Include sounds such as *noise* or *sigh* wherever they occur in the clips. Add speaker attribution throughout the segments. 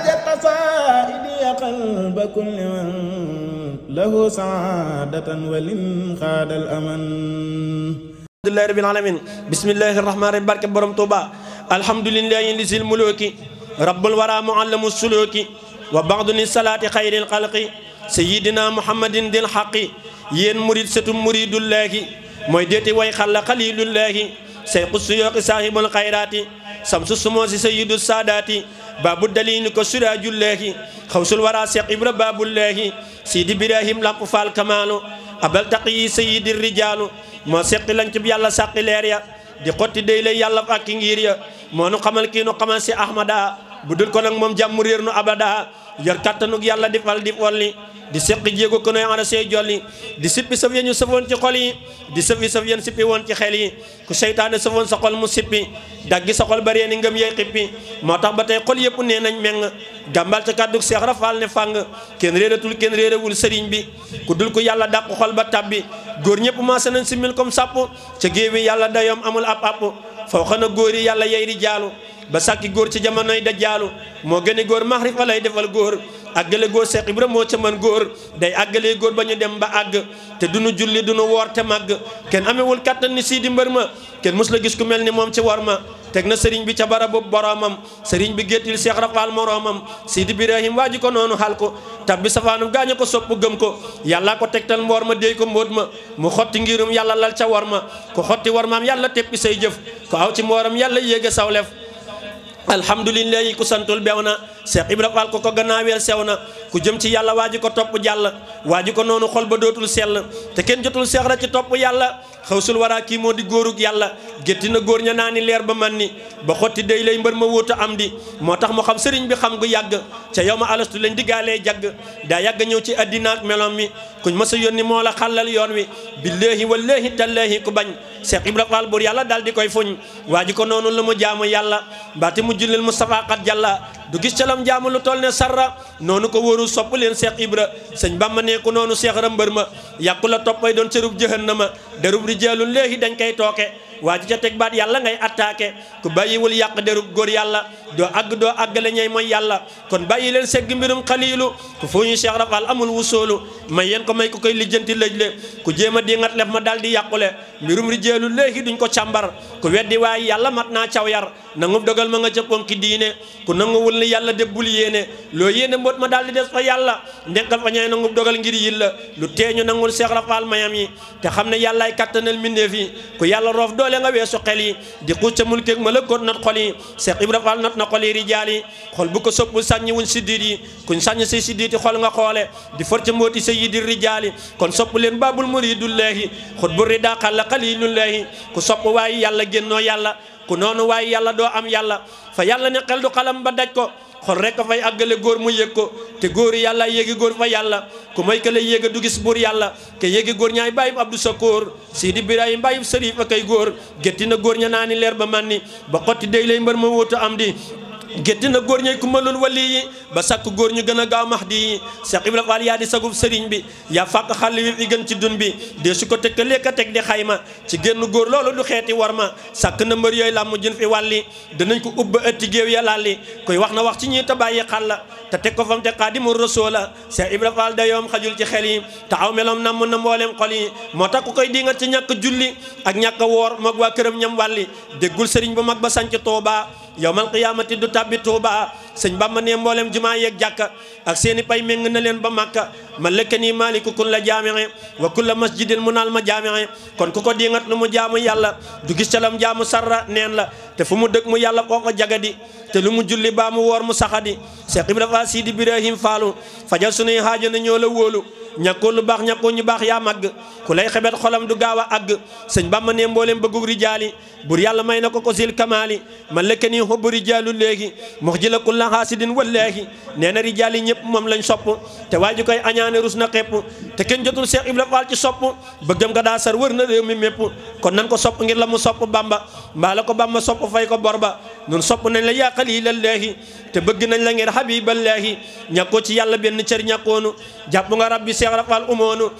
Speaker 1: حاجت
Speaker 2: قصائدي قلب كل من له سعادة ولن خاد الأمن الحمد لله رب العالمين بسم
Speaker 3: الله الرحمن الرحيم بارك برم توبا الحمد لله لذي الملوك رب الورى معلم السلوك وبعض للصلاة خير الخلق سيدنا محمد ذي الحق يين مريد ستم مريد الله موي ديتي واي خلا خليل الله sayqu suyooqi saahibul xayraati samsu sumoosi sayyidu saadaati baabu dalini ko surajullaahi xawsul wara ibra baabullaahi sidi birahim lamp faal kamaanu abal taqiyi sayyidi rijaalu moo seqi lañ ci yàlla sàqi leer ya di xotti day lay yàlla ak ngir moo nu xamal kii nu si ahmada bu dul moom jàmm nu abada yar kàttanug yàlla di fal di folli di seqi jéego ko ana sey jolli di sippi saf yéen ñu safoon ci xol yi di sëfi saf yéen sippi woon ci xel yi ku seytaane safoon sa xol mu sippi daggi sa xol bëree ni ngëm yey xippi moo tax ba tey xol yëpp nee nañ meng gàmbal ca kàddug seex rafaal ne fàng kenn réeratul kenn réerawul sëriñ bi ku dul ko yàlla dàq xol ba tàbbi góor ñëpp maase nañ si mil comme sàpp ca géewi yàlla dayoom amul ab app faw xana góor yi yàlla ba sàkki góor ci jamonoy dajaalu moo gën a góor maxrif lay defal góor àggale góor Seex Ibra moo ca man góor day àggalee góor ba ñu dem ba àgg te du nu julli du nu woor te màgg kenn amewul kattan ni sii di mbër ma kenn mës la gis ku mel ni moom ci war ma teg na sëriñ bi ca bara barabu boromam sëriñ bi géttil Seex Rafaal moroomam Sidi Birahim waaji ko noonu xal ko tab bi safaanum gaañu ko sopp gëm ko yàllaa ko tegtal mboor ma déy ko mbóot ma mu xotti ngirum yàlla lal ca war ma ko xotti war maam yàlla teppi say jëf ko ci mbooram yàlla yéege sawlef alhamdulillahi ku santul beew na Cheikh Ibra Fall ko ko gannaaweel sew na ku jëm ci yàlla waaji ko topp jàll waaji ko noonu xol ba dootul sell te kenn jotul seex ra ci topp yàlla xawsul waraa kii moo di góorug yàlla gétti na góor ña naa ni leer ba man ni ba xotti dey lay mbër ma wóotu am di moo tax mu xam sëriñ bi xam gu yàgg ca yow ma alastu lañ diggaalee jàgg daa yàgg ñëw ci addinaak melom mi kuñ mës a yónni moo la xàllal yoon wi billaahi wallaahi tallaahi ku bañ Cheikh Ibra Fall buur yàlla daal di koy fuñ waa ji ko noonu la mu jaamu yàlla mbaati mu jullil Mustafa xat jàlla du gis ca lam jaamu lu toll ne sarra noonu ko wóoru sopp leen Cheikh Ibra sëñ Bamba nee ku noonu Cheikh rambër ma yàqu la toppay doon sërub jëhannama derub rijaalun léehi dañ koy tooke waa ji ca teg baat yàlla ngay attaqué ku wul yàq derub góor yàlla doo àgg doo àggale ñey mooy yàlla kon bàyyi leen segg mbirum xaliilu ku fu ñu Cheikh Rafal amul wusoolu may yéen ko may ko koy lijjanti lëj le ku jéem a dingat lef ma daal di yàqule mbirum rijeelu léegi duñ ko càmbar ku weddi waaye yàlla mat naa caw yar nangu dogal ma nga ca ponki diine ku nanguwul ni yàlla débbul yéene loo yéene mboot ma daal di des fa yàlla ndekkal fa ñaay nangu dogal ngir yilla lu teeñu nangul Cheikh Rafal mayam yi yi ku yàlla boole nga weesu xel yi di xuus ca mulkeeg malakoot not xol yi Seex Ibra Faal not na xol yi rijaal yi xol bu ko soppul sàññi wuñ siddiit yi kuñ sàññ say siddiit yi xol nga xoole di for ca mbóoti sa yi rijaal yi kon sopp leen baabul muridullaahi xut bu rida xalla xalilullaahi ku sopp waaye yàlla génnoo yàlla ku noonu waaye yàlla doo am yàlla fa yàlla ne xel du xalam ba daj ko xol rek a fay àggale góor mu yëg ko te góor yàlla yéegi góor fa yàlla ku may ka lay yéega du gis buur yàlla ke yéegi góor ñaay sa bàyyib abdou sakoor sidi birahim bàyyib sërif akay góor gétti na góor ña naa ni leer ba man ni ba xotti day lay mbër ma wóotu am di gédd na góor ñooy kumbalul wali yi ba sàkk góor ñu gën a gaaw di yi Cheikh Ibra Fall yaa di sagub sëriñ bi yaa fàq xàll wi gën ci dun bi dee su ko tëkkalee ka teg di xayma ci génn góor loolu du xeeti war ma sàkk na mbër yooyu làmm jën fi wàlli danañ ko ubba ëtti géew ya làlli koy wax na wax ci ñi te bàyyi xàll la te teg ko fam te xaadimu rasul la Cheikh Ibra Fall dayoom xajul ci xel yi te aw meloom namm na mbooleem xol yi moo tax ko koy dingat ci ñàkk julli ak ñàkk woor moog waa këram ñam wàlli déggul sëriñ bu mag ba sanc Tuubaa yowmal qiyaamati du tàbbi tuuba sëñ bamba ne mboolem jumaa yeeg jàkka ak seeni pay méng na leen ba màkka man lëkke nii maaliku kun la jaamixe wa kulla masjidin mu naal ma jaamixe kon ku ko dingat lu mu jaamu yàlla du gis ca lam jaamu sarra neen la te fu mu dëkk mu yàlla koo ko jagadi te lu mu julli baa mu woor mu saxadi se Ibra Faal Sidi Birahim Faalu fajal sunuy haajo na ñoo la wóolu ñàkkoon lu baax ñàkkoon ñu baax yaa màgg ku lay xebet xolam du gaaw a àgg sëñ Bàmba ne mbooleem bëggu rijaali bur yàlla may na ko ko sil kamaali man la kenn xubbu rijaalu léegi mox ji la ku la xaasidin walleegi nee na rijaal yi ñëpp moom lañ sopp te waa kay koy añaane rus na xepp te kenn jotul Seex Ibra Faal ci sopp bëggam ka daa sar wër na réew mi mépp kon nan ko sopp ngir la mu sopp Bàmba mbaa la ko Bàmba sopp fay ko bor ba nun sopp nañ la yaa xaliilallaahi te bëgg nañ la ngir xabiballaahi ñàkkoo ci yàlla benn cër ñàkkoonu yaxraqal umoonu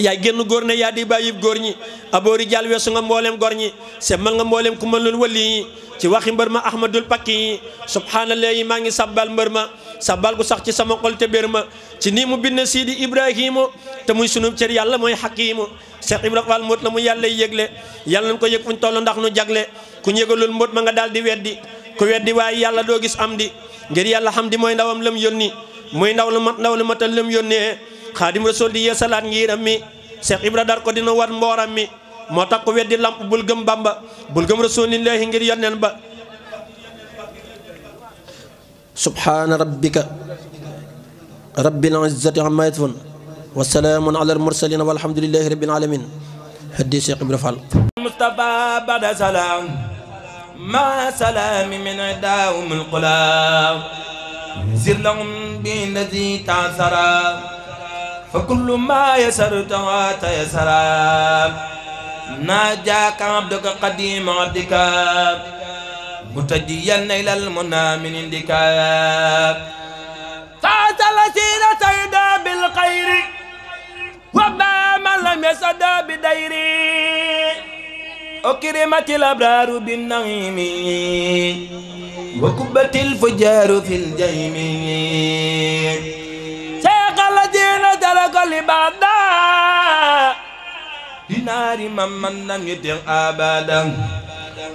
Speaker 3: yaay génn góor ne yaa di bàyyi góor ñi aboori jàll weesu nga mbooleem gor ñi semmal nga mbooleem ku mën loon wali yi ci waxi mbër ma ahmadul pakki yi subhaanallah yi maa ngi sabbal mbër ma sabbal gu sax ci sama xol te bér ma ci nii mu bind siidi ibrahima te muy sunub cër yàlla mooy xakiimu Cheikh Ibra Fall mbóot la mu yàlla yëgle yàlla nañ ko yëg fuñ ndax nu jagle ku ñëgalul mbóot ma nga daal di weddi ku weddi waaye yàlla doo gis am di ngir yàlla xam di mooy ndawam lam yónni muy ndaw lu mat ndaw lu matal lam yónnee xaadim rasul di yeesalaat ngiiram mi Cheikh Ibra dar ko dina war mbooram mi moo tax ko weddi lamp bul gëm bamba bul gëm rasulillahi ngir yonneen ba subhaana rabbika rabbil izzati amma yasifun wa salaamun ala al mursalin walhamdulillahi rabbil alamin haddi Cheikh min
Speaker 4: daawum fa kullu ma yasarta wa tayassara ناجاك عبدك قديم عبدك متجيا إلى المنى من عندك تعت الذين تهدى بالخير وما من لم يسدى بدير أكرمت الأبرار بالنعيم وكبت الفجار في الجيم شيخ الذين تركوا لبعدا لنار من من لم يتق أبدا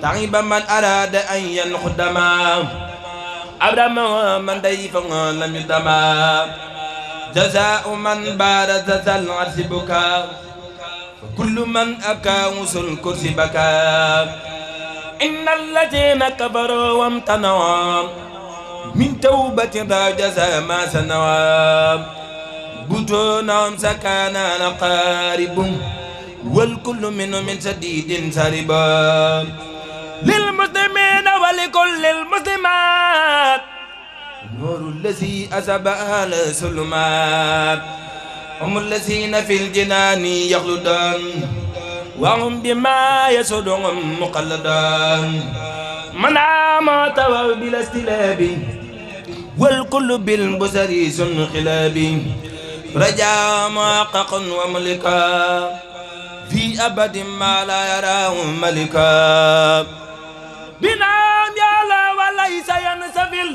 Speaker 4: تعب من أراد أن ينخدما أبرم من ضيف لم يدما جزاء من بارز العرش بكى كل من أكاوس الكرسي بكى إن الذين كفروا وامتنعوا من توبة لا جزاء ما سنوى بطونهم سكانا قارب والكل منه من شديد سربا للمسلمين ولكل المسلمات نور الذي أسب أهل السلمات هم الذين في الجنان يخلدون وهم بما يسدهم مقلدون من عام توى بلا استلاب والكل بالبصر سن خلاب رجاء محقق وملكا في أبد ما لا يراه ملكا بنام يالا وليس ينسفل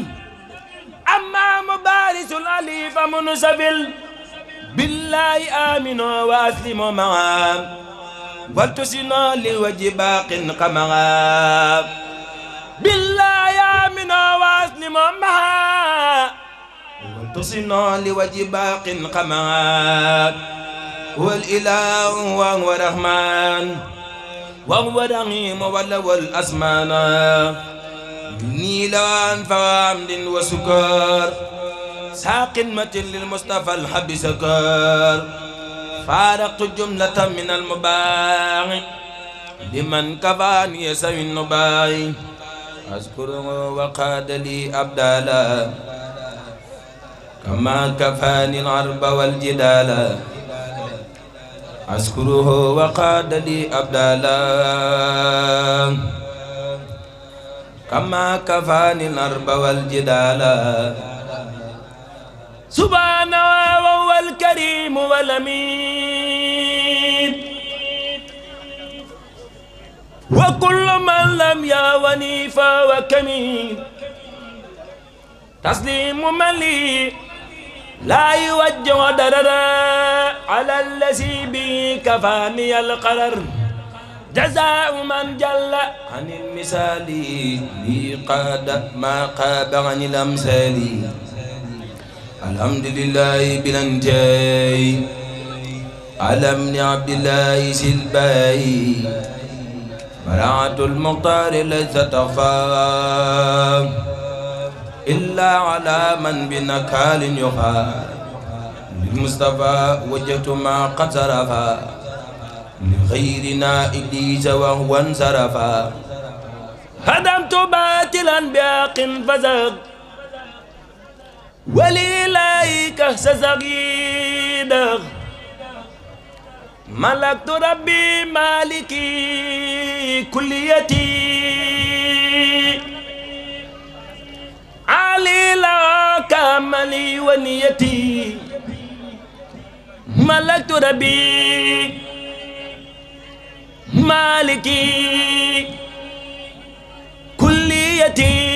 Speaker 4: أما مبارس الأليف منسفل بالله آمنوا وأسلموا معا وتسنوا لوجه باق قمعا بالله يا من واسن مها وانتصنا لوجه باق قمات والإله وهو رحمن وهو رحيم ولو الأسمان نيلان فامد وسكر ساق متن للمصطفى الحب سكر فارق جملة من المباغ لمن كفاني يسوي النباغ أشكره وقاد لي أبدالا كما كفاني العرب والجدال أشكره وقاد لي أبدالا كما كفاني العرب والجدال سبحانه وهو الكريم والأمين وكل من لم يغني فهو كمين تسليم من لي لا يوجه دررا على الذي به كفاني القرر جزاء من جل عن المثال لي قاد ما قاب عن الامثال الحمد لله بلنجاي على ابن عبد الله سلباي منعت المختار ليس تخاف إلا على من بنكال يخاف للمصطفى وجهت ما قد صرفا لغيرنا إبليس وهو انصرفا هدمت باطلا باق فزغ ولي لايك سزغيدغ ملكت ربي مالكي كليتي علي لا كمالي ونيتي ملكت ربي مالكي كليتي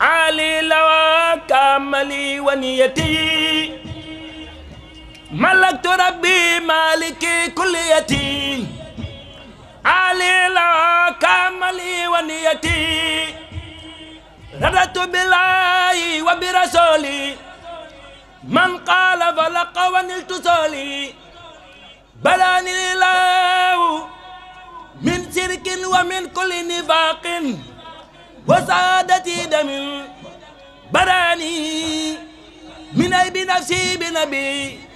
Speaker 4: علي لا كمالي ونيتي ملكت ربي مالكي كليتي علي لا كمالي ونيتي ردت بالله وبرسولي من قال فلق ونلت سولي بلاني الله من شرك ومن كل نفاق وسعادتي دم براني من أي بنفسي بنبي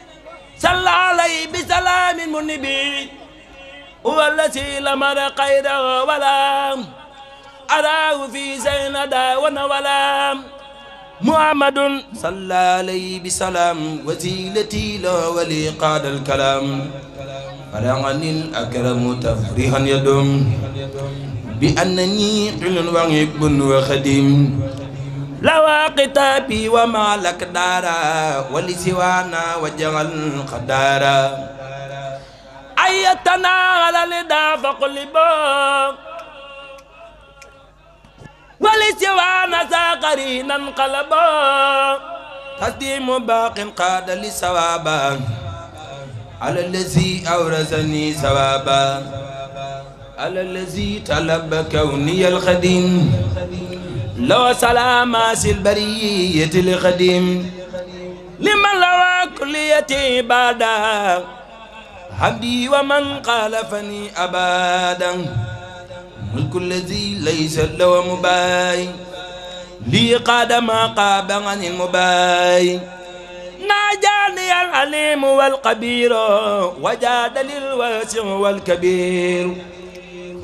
Speaker 4: صلى عليه بسلام منبي هو الذي لم ير قيده ولا أراه في زيند ونولا محمد صلى عليه بسلام وزيلتي له ولي قاد الكلام فرغني الأكرم تفريحا يدم بأنني حل وغيب وخديم لوا قطابي وما لك دارا ولسوانا وجعل
Speaker 5: قدارا
Speaker 4: أيتنا على لدى فقلبا ولسوانا ساقرينا انقلبا تقديم باق قاد لسوابا على الذي أورثني ثوابا على الذي طلب كوني الخديم لو سلام سي البرية القديم لمن لوى كليتي بعدا عبدي ومن خالفني أبدا ملك الذي ليس له مباي لي قاد ما قاب عن المباي ناجاني العليم والقبير وجاد للواسع والكبير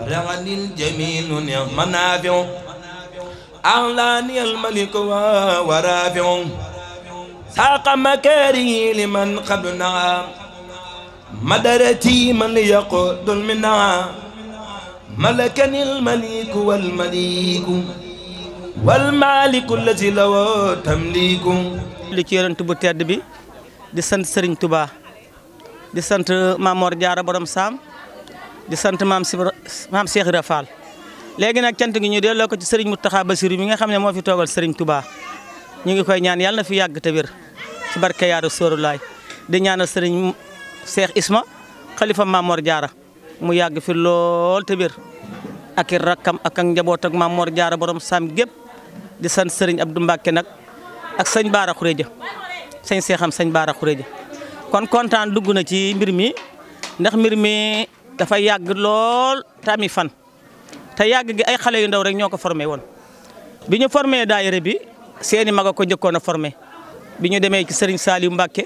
Speaker 4: رغد الجميل نعم نافع أعلاني الملك ورافع ساق مكاره لمن قبلنا مدرتي من يقود منا ملكني الملك والمليك والمالك الذي
Speaker 1: له تمليك li ci yonent bu tedd bi di sant Serigne Touba di sant Maam Mor Jaara borom Saam di sant maam si maam Cheikh Ibra Fall léegi nag cant ngi ñu delloo ko ci Serigne Mountakha Bassirou mi nga xam ne moo fi toogal Serigne Touba ñu ngi koy ñaan yàlla na fi yàgg te wér ci barke Yaaru Sóorulaay di ñaanal Isma xalifa Mamor Diarra mu yàgg fi lool te wér ak i rakkam ak ak njaboot ak Mamor Diarra borom sam gépp di sant Serigne Abdou Mbacke nag ak sëñ Baara Khourédia sëñ Seexam sëñ Baara Khourédia kon kontaan dugg na ci mbir mi ndax mbir mi dafa yàgg lool te fan. te yàgg gi ay xale yu ndaw rek ñoo ko formé woon. bi ñu formé daayira bi seeni mag a ko njëkkoon a formé bi ñu demee ci Serigne Saliou Mbacké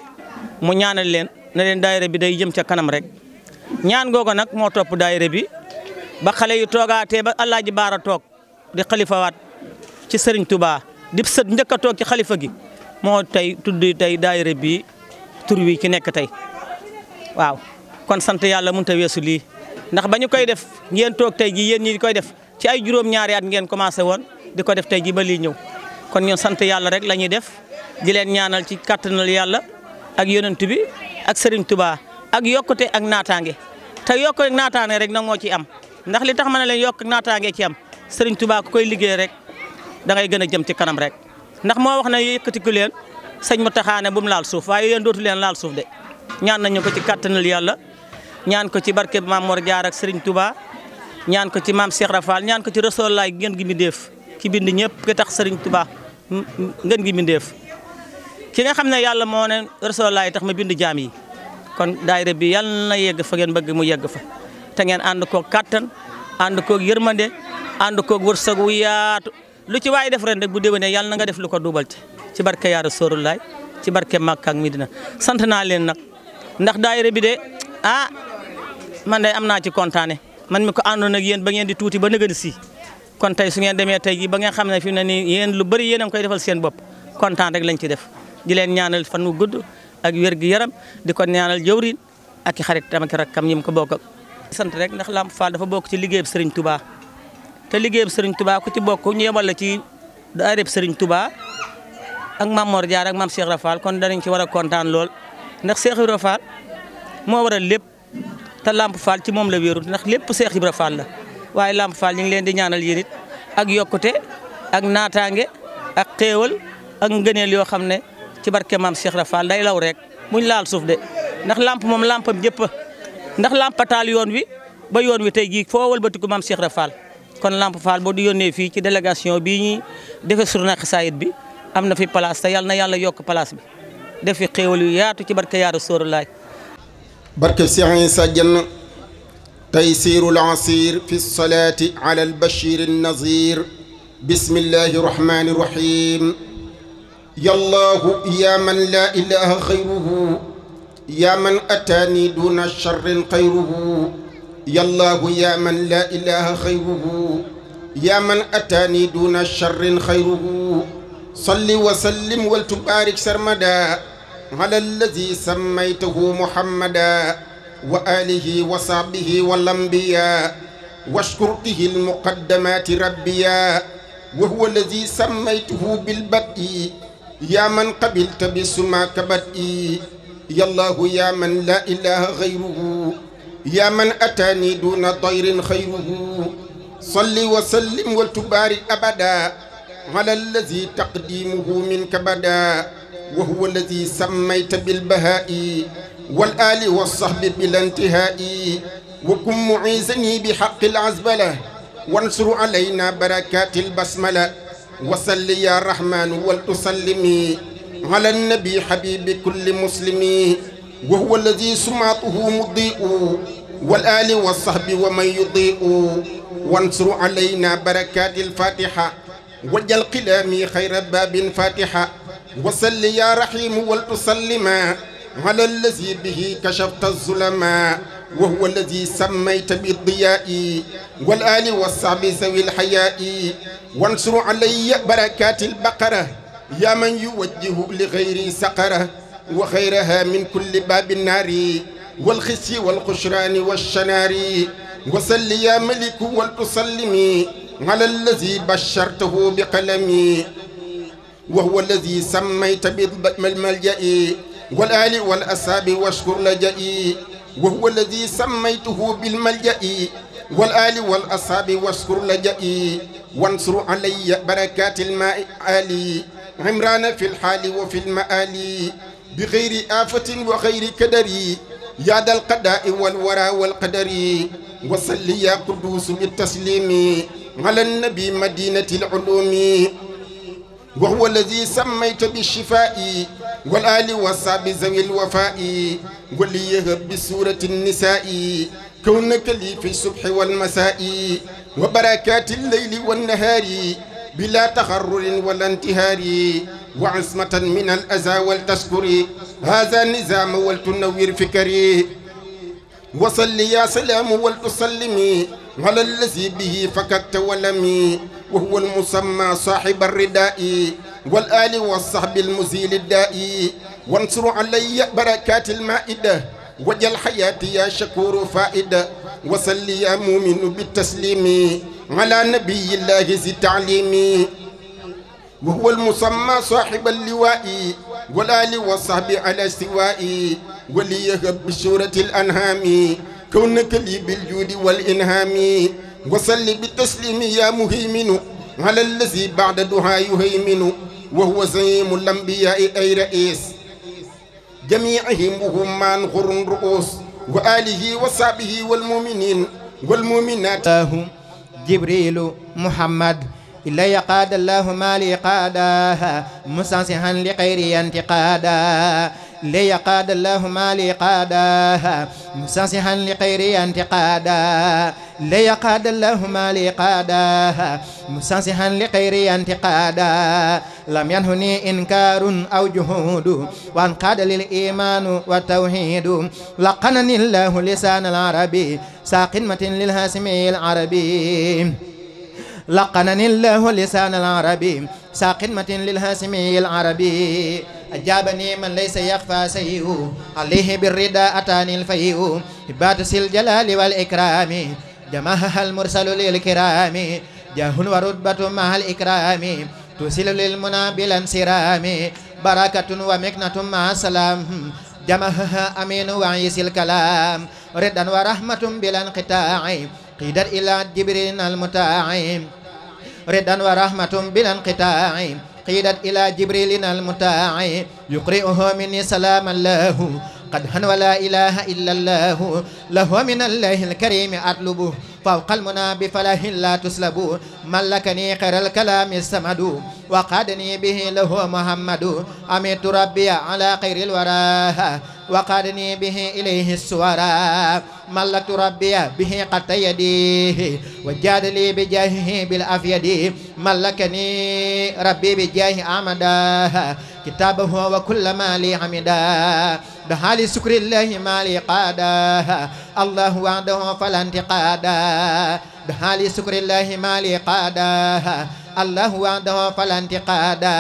Speaker 1: mu ñaana leen ne leen daayira bi day jëm ca kanam rek ñaan googu nag moo topp daayira bi ba xale yu toogaatee ba El Hadj Baara toog di xalifawaat ci sëriñ tuba di sët toog ci xalifa gi moo tey tudd tey daayira bi tur wi ci nekk tey waaw kon sant yàlla mënut a weesu lii. ndax ba ñu koy def ngeen toog tey jii yéen ñi di koy def ci ay juróom-ñaari at ngeen commencé woon di ko def tey jii ba lii ñëw kon ñun sant yàlla rek la def ji leen ñaanal ci kattanal yàlla ak yonent bi ak Serigne Touba ak yokkute ak naataange te yokkute ak naataange rek na moo ci am ndax li tax ma ne leen yokk ak naataange ci am Serigne Touba ku koy liggéey rek da ngay gën a jëm ci kanam rek ndax moo wax na yëkkati ku leen sëñ mu taxaane bu mu laal suuf waaye yéen dootu leen laal suuf de ñaan nañu ko ci ñaan ko ci barke maam Mor Jaar ak Serigne ñaan ko ci maam Cheikh Rafal ñaan ko ci Rasulullah ngeen gi mbindéef ki bind ñëpp ki tax Serigne Touba ngeen gi mbindéef ki nga xam ne yàlla moo ne Rasulullah tax ma bind jaam yi kon daayira bi yàlla na yegg fa ngeen bëgg mu yegg fa te ngeen ànd koog kattan ànd koog yërmande ànd koog wërsëg wu yaatu lu ci waaye def ren de bu déwénee yàlla na nga def lu ko duubal ci ci barke yaa Rasulullah ci barke Makka ak Medina sant naa leen nag ndax man de am naa ci kontaane man mi ko àndoon ak yéen ba ngeen di tuuti ba nëgën si kon tey su ngeen demee tey jii ba ngeen xam ne fi mu ne nii yéen lu bëri yéen a ngi koy defal seen bopp kontaan rek lañ ci def di leen ñaanal fan wu gudd ak wér gi yaram di kon ñaanal jëwriñ ak i xarit tam ak rakkam ñi mu ko bokk sant rek ndax Lamp Fall dafa bokk ci liggéey Serigne Touba te liggéeyub Serigne Touba ku ci bokk ñu la ci daareb Serigne Touba ak Mame Mor Diarra ak Mame Cheikh Ibra Fall kon danañ ci war a kontaan lool ndax Cheikh Ibra lépp te Lamp Fall ci moom la wéeru ndax lépp Seex Ibra Fall la waaye Lamp Fall ñu ngi leen di ñaanal yéen it ak yokkute ak naataange ak xéewal ak ngëneel yoo xam ne ci barke maam Seex Ibra Fall day law rek muñ laal suuf de ndax lamp moom lampam ñëpp ndax lamp lampataal yoon wi ba yoon wi tey jii foo walbatiku maam Cheikh Ibra Fall kon Lamp Fall boo di yónnee fii ci délégation bii ñuy defee surna xasaayit bi am na fi place te yàlla na yàlla yokk place bi def fi xéewal yu yaatu ci barke yaa Rasuulullaah
Speaker 6: barke sexin sa jenn تيسير العسير في الصلاة على البشير النظير بسم الله الرحمن الرحيم يا الله يا من لا إله غيره يا من أتاني دون شر خيره يا الله يا من لا إله غيره يا من أتاني دون شر خيره صل وسلم ولتبارك سرمدا على الذي سميته محمدا وآله وصحبه والأنبياء واشكر به المقدمات ربيا وهو الذي سميته بالبدء يا من قبلت بسما كبدئي يا الله يا من لا إله غيره يا من أتاني دون طير خيره صل وسلم وتبارك أبدا على الذي تقديمه منك بدا wa huwa alladi sammayta bilbahaai walaali walsaxbi bila intihaai wa kun muisani bi xaqi lazbala wansur alayna barakaati albasmala wasalli ya rahmaanu wal tusallimi ala annabi habibi kulli muslimi wa huwa alladi sumaatuhu mudiu walaali walsaxbi wa man yudiu wansur alayna barakaati alfatiha wajal qilaami xayra baabin fatiha وصل يا رحيم ولتسلما على الذي به كشفت الظلما وهو الذي سميت بالضياء والآل والصحب ذوي الحياء وانصر علي بركات البقرة يا من يوجه لغير سقرة وخيرها من كل باب النار والخس والخشران والشنار وصل يا ملك ولتسلمي على الذي بشرته بقلمي wa huwa alladi sammayta bil maljai wal aali wal asaabi washkur lajai wa huwa alladi sammaytuhu bil maljai wal aali wal asaabi washkur lajai wansur alayya barakaati lmaai aali imraana fi lxaali wa fi lmaali bi xayri aafatin wa xayri kadari yaa dal qadaa wal waraa wal qadari wa salli yaa quduus bi tasliimi ala nabi madinati l ulumi وهو الذي سميت بالشفاء والآل والصحب ذوي الوفاء وليهب بسورة النساء كونك لي في الصبح والمساء وبركات الليل والنهار بلا تخرر ولا انتهار وعصمة من الأذى والتشكر هذا النظام ولتنوير فكري وصلي يا سلام ولتسلمي على الذي به فكدت ولمي وهو المسمى صاحب الرداء والآل والصحب المزيل الدائي وانصر علي بركات المائدة وجل حياتي يا شكور فائدة وصلي يا مؤمن بالتسليم على نبي الله ذي التعليم وهو المسمى صاحب اللواء والآل والصحب على استوائي وليهب بشورة الأنهام كونك لي بالجود والإنهام وصل بالتسليم يا مهيمن على الذي بعد دعاء يهيمن وهو زعيم الأنبياء أي رئيس جميعهم وهم من غر رؤوس وآله وصحبه والمؤمنين والمؤمنات
Speaker 5: جبريل محمد إلي قاد الله مالي قادا مسانسها لغيري انتقادا لي قاد الله مالي قادا مسانسها لغيري انتقادا لي قاد الله مالي قادا مسانسها لغيري انتقادا لم ينهني إنكار أو جهود وانقاد للإيمان والتوحيد لقنني الله لسان العربي ساقمة للهاسمي العربي لقنني الله لسان العربي ساقمة للهاسمي العربي أجابني من ليس يخفى سيئه عليه بالرداء أتاني الفيء باتس الجلال والإكرام جمعها المرسل للكرام جاه ورتبة مع الإكرام تسل للمنى بلا انسرام بركة ومكنة مع السلام جمعها أمين وعيس الكلام ردا ورحمة بلا انقطاع qidat ila jibrin almuta'im ridan wa rahmatum bil inqita'im qidat ila jibrilin almuta'im yuqri'uhu minni salaman lahu قدحا ولا إله إلا الله له من الله الكريم أطلبه فوق المنى بفله لا تسلب ملكني خير الكلام السمد وقادني به له محمد أميت ربي على خير الورى وقادني به إليه السورى ملكت ربي به قد يديه وجاد لي بجاهه بالأفيد ملكني ربي بجاه أحمد كتابه وكل ما لي حمدا بحال سكر الله ما لي قادا الله وعده فلا انتقادا بحال سكر الله ما لي قادا الله وعده فلا انتقادا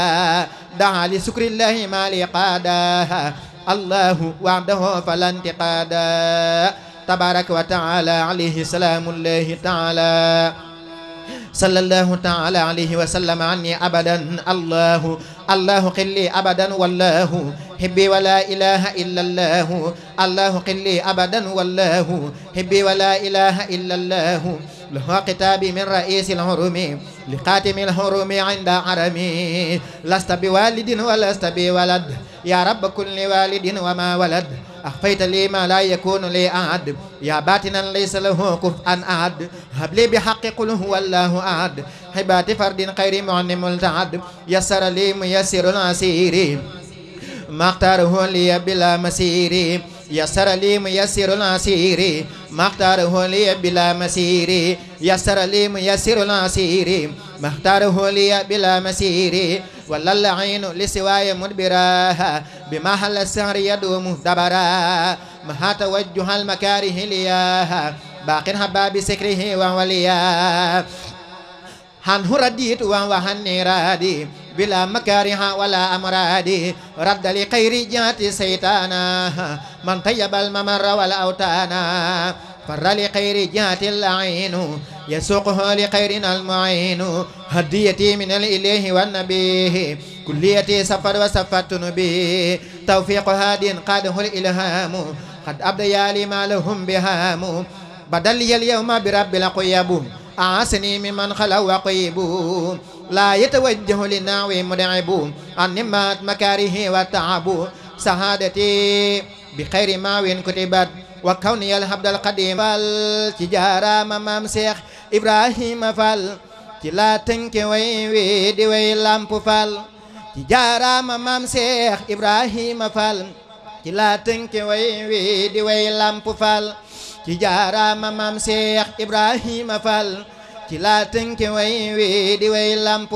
Speaker 5: دعا لسكر الله ما لي قادا الله وعده فلا انتقادا tabaraka wa taala alayhi salaamullahi taala sallallahu taala alayhi wa sallam anni abadan allahu allahu qilli abadan wallahu hibbi wa la ilaha illa allahu allahu qilli abadan wallahu hibbi wa la ilaha illa allahu له كتابي من رئيس الهرم لقاتم الهرم عند عرمي لست بوالد ولست بولد يا رب كل والد وما ولد أخفيت لي ما لا يكون لي أعد يا باتنا ليس له كفءا أعد هب لي بحق قل هو الله أعد حبات فرد خير معنم التعد يسر لي ميسر العسير ما اختاره لي بلا مسير يسر لي ميسر العسير ما اختاره لي بلا مسير يسر لي ميسر العسير ما اختاره لي بلا مسير ولا العين لسواي مدبراها بمحل السهر يدوم دبرا مها توجه المكاره لياها باقر هبا بسكره ووليا هنه رديت وهني رادي بلا مكارها ولا أمرادي رد لخير جات سيطانا من طيب الممر والأوتانا فر لخير جات العين يسوقها لخير المعين هديتي من الإله والنبي كليتي سفر وسفرت نبي توفيق هاد قاده الإلهام قد أبديا لما لهم بهام بدلي اليوم برب القياب أعسني ممن خلوا وقيب لا يتوجه للنعو مدعب أنمات مكاره وتعب سعادتي بخير ما وين كتبت wa kawniyal habdal qadim fal ci jaaraama maam Seex Ibrahima Fall ci laa tënke way wi di way Lamp Fall ci jaaraama maam Seex Ibrahima Fall ci laa tënke way di way Lamp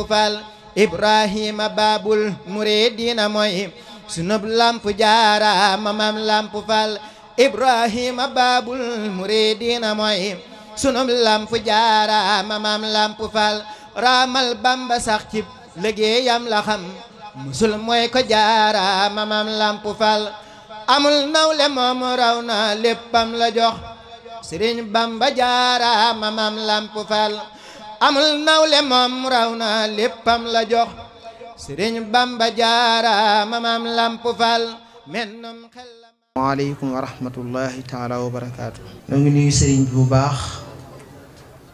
Speaker 5: Fall ci baabul muridiina mooy sunub Lamp jaaraama maam Lamp Fall ibrahima babul muridina mooy sunum lampu jaara mamam lampu fal raamal bamba sax ci liggéeyam la musul mooy ko jaara mamam lampu fal amul nawle moom raw na léppam la jox sëriñ bamba jaara mamam lampu fal amul nawle moom raw na léppam la jox sëriñ bamba jaara mamam lampu fal mennum xel
Speaker 2: waaleykum wa rahmatullahi taala wa barakaatu. ngi nuyu sëriñ bi bu baax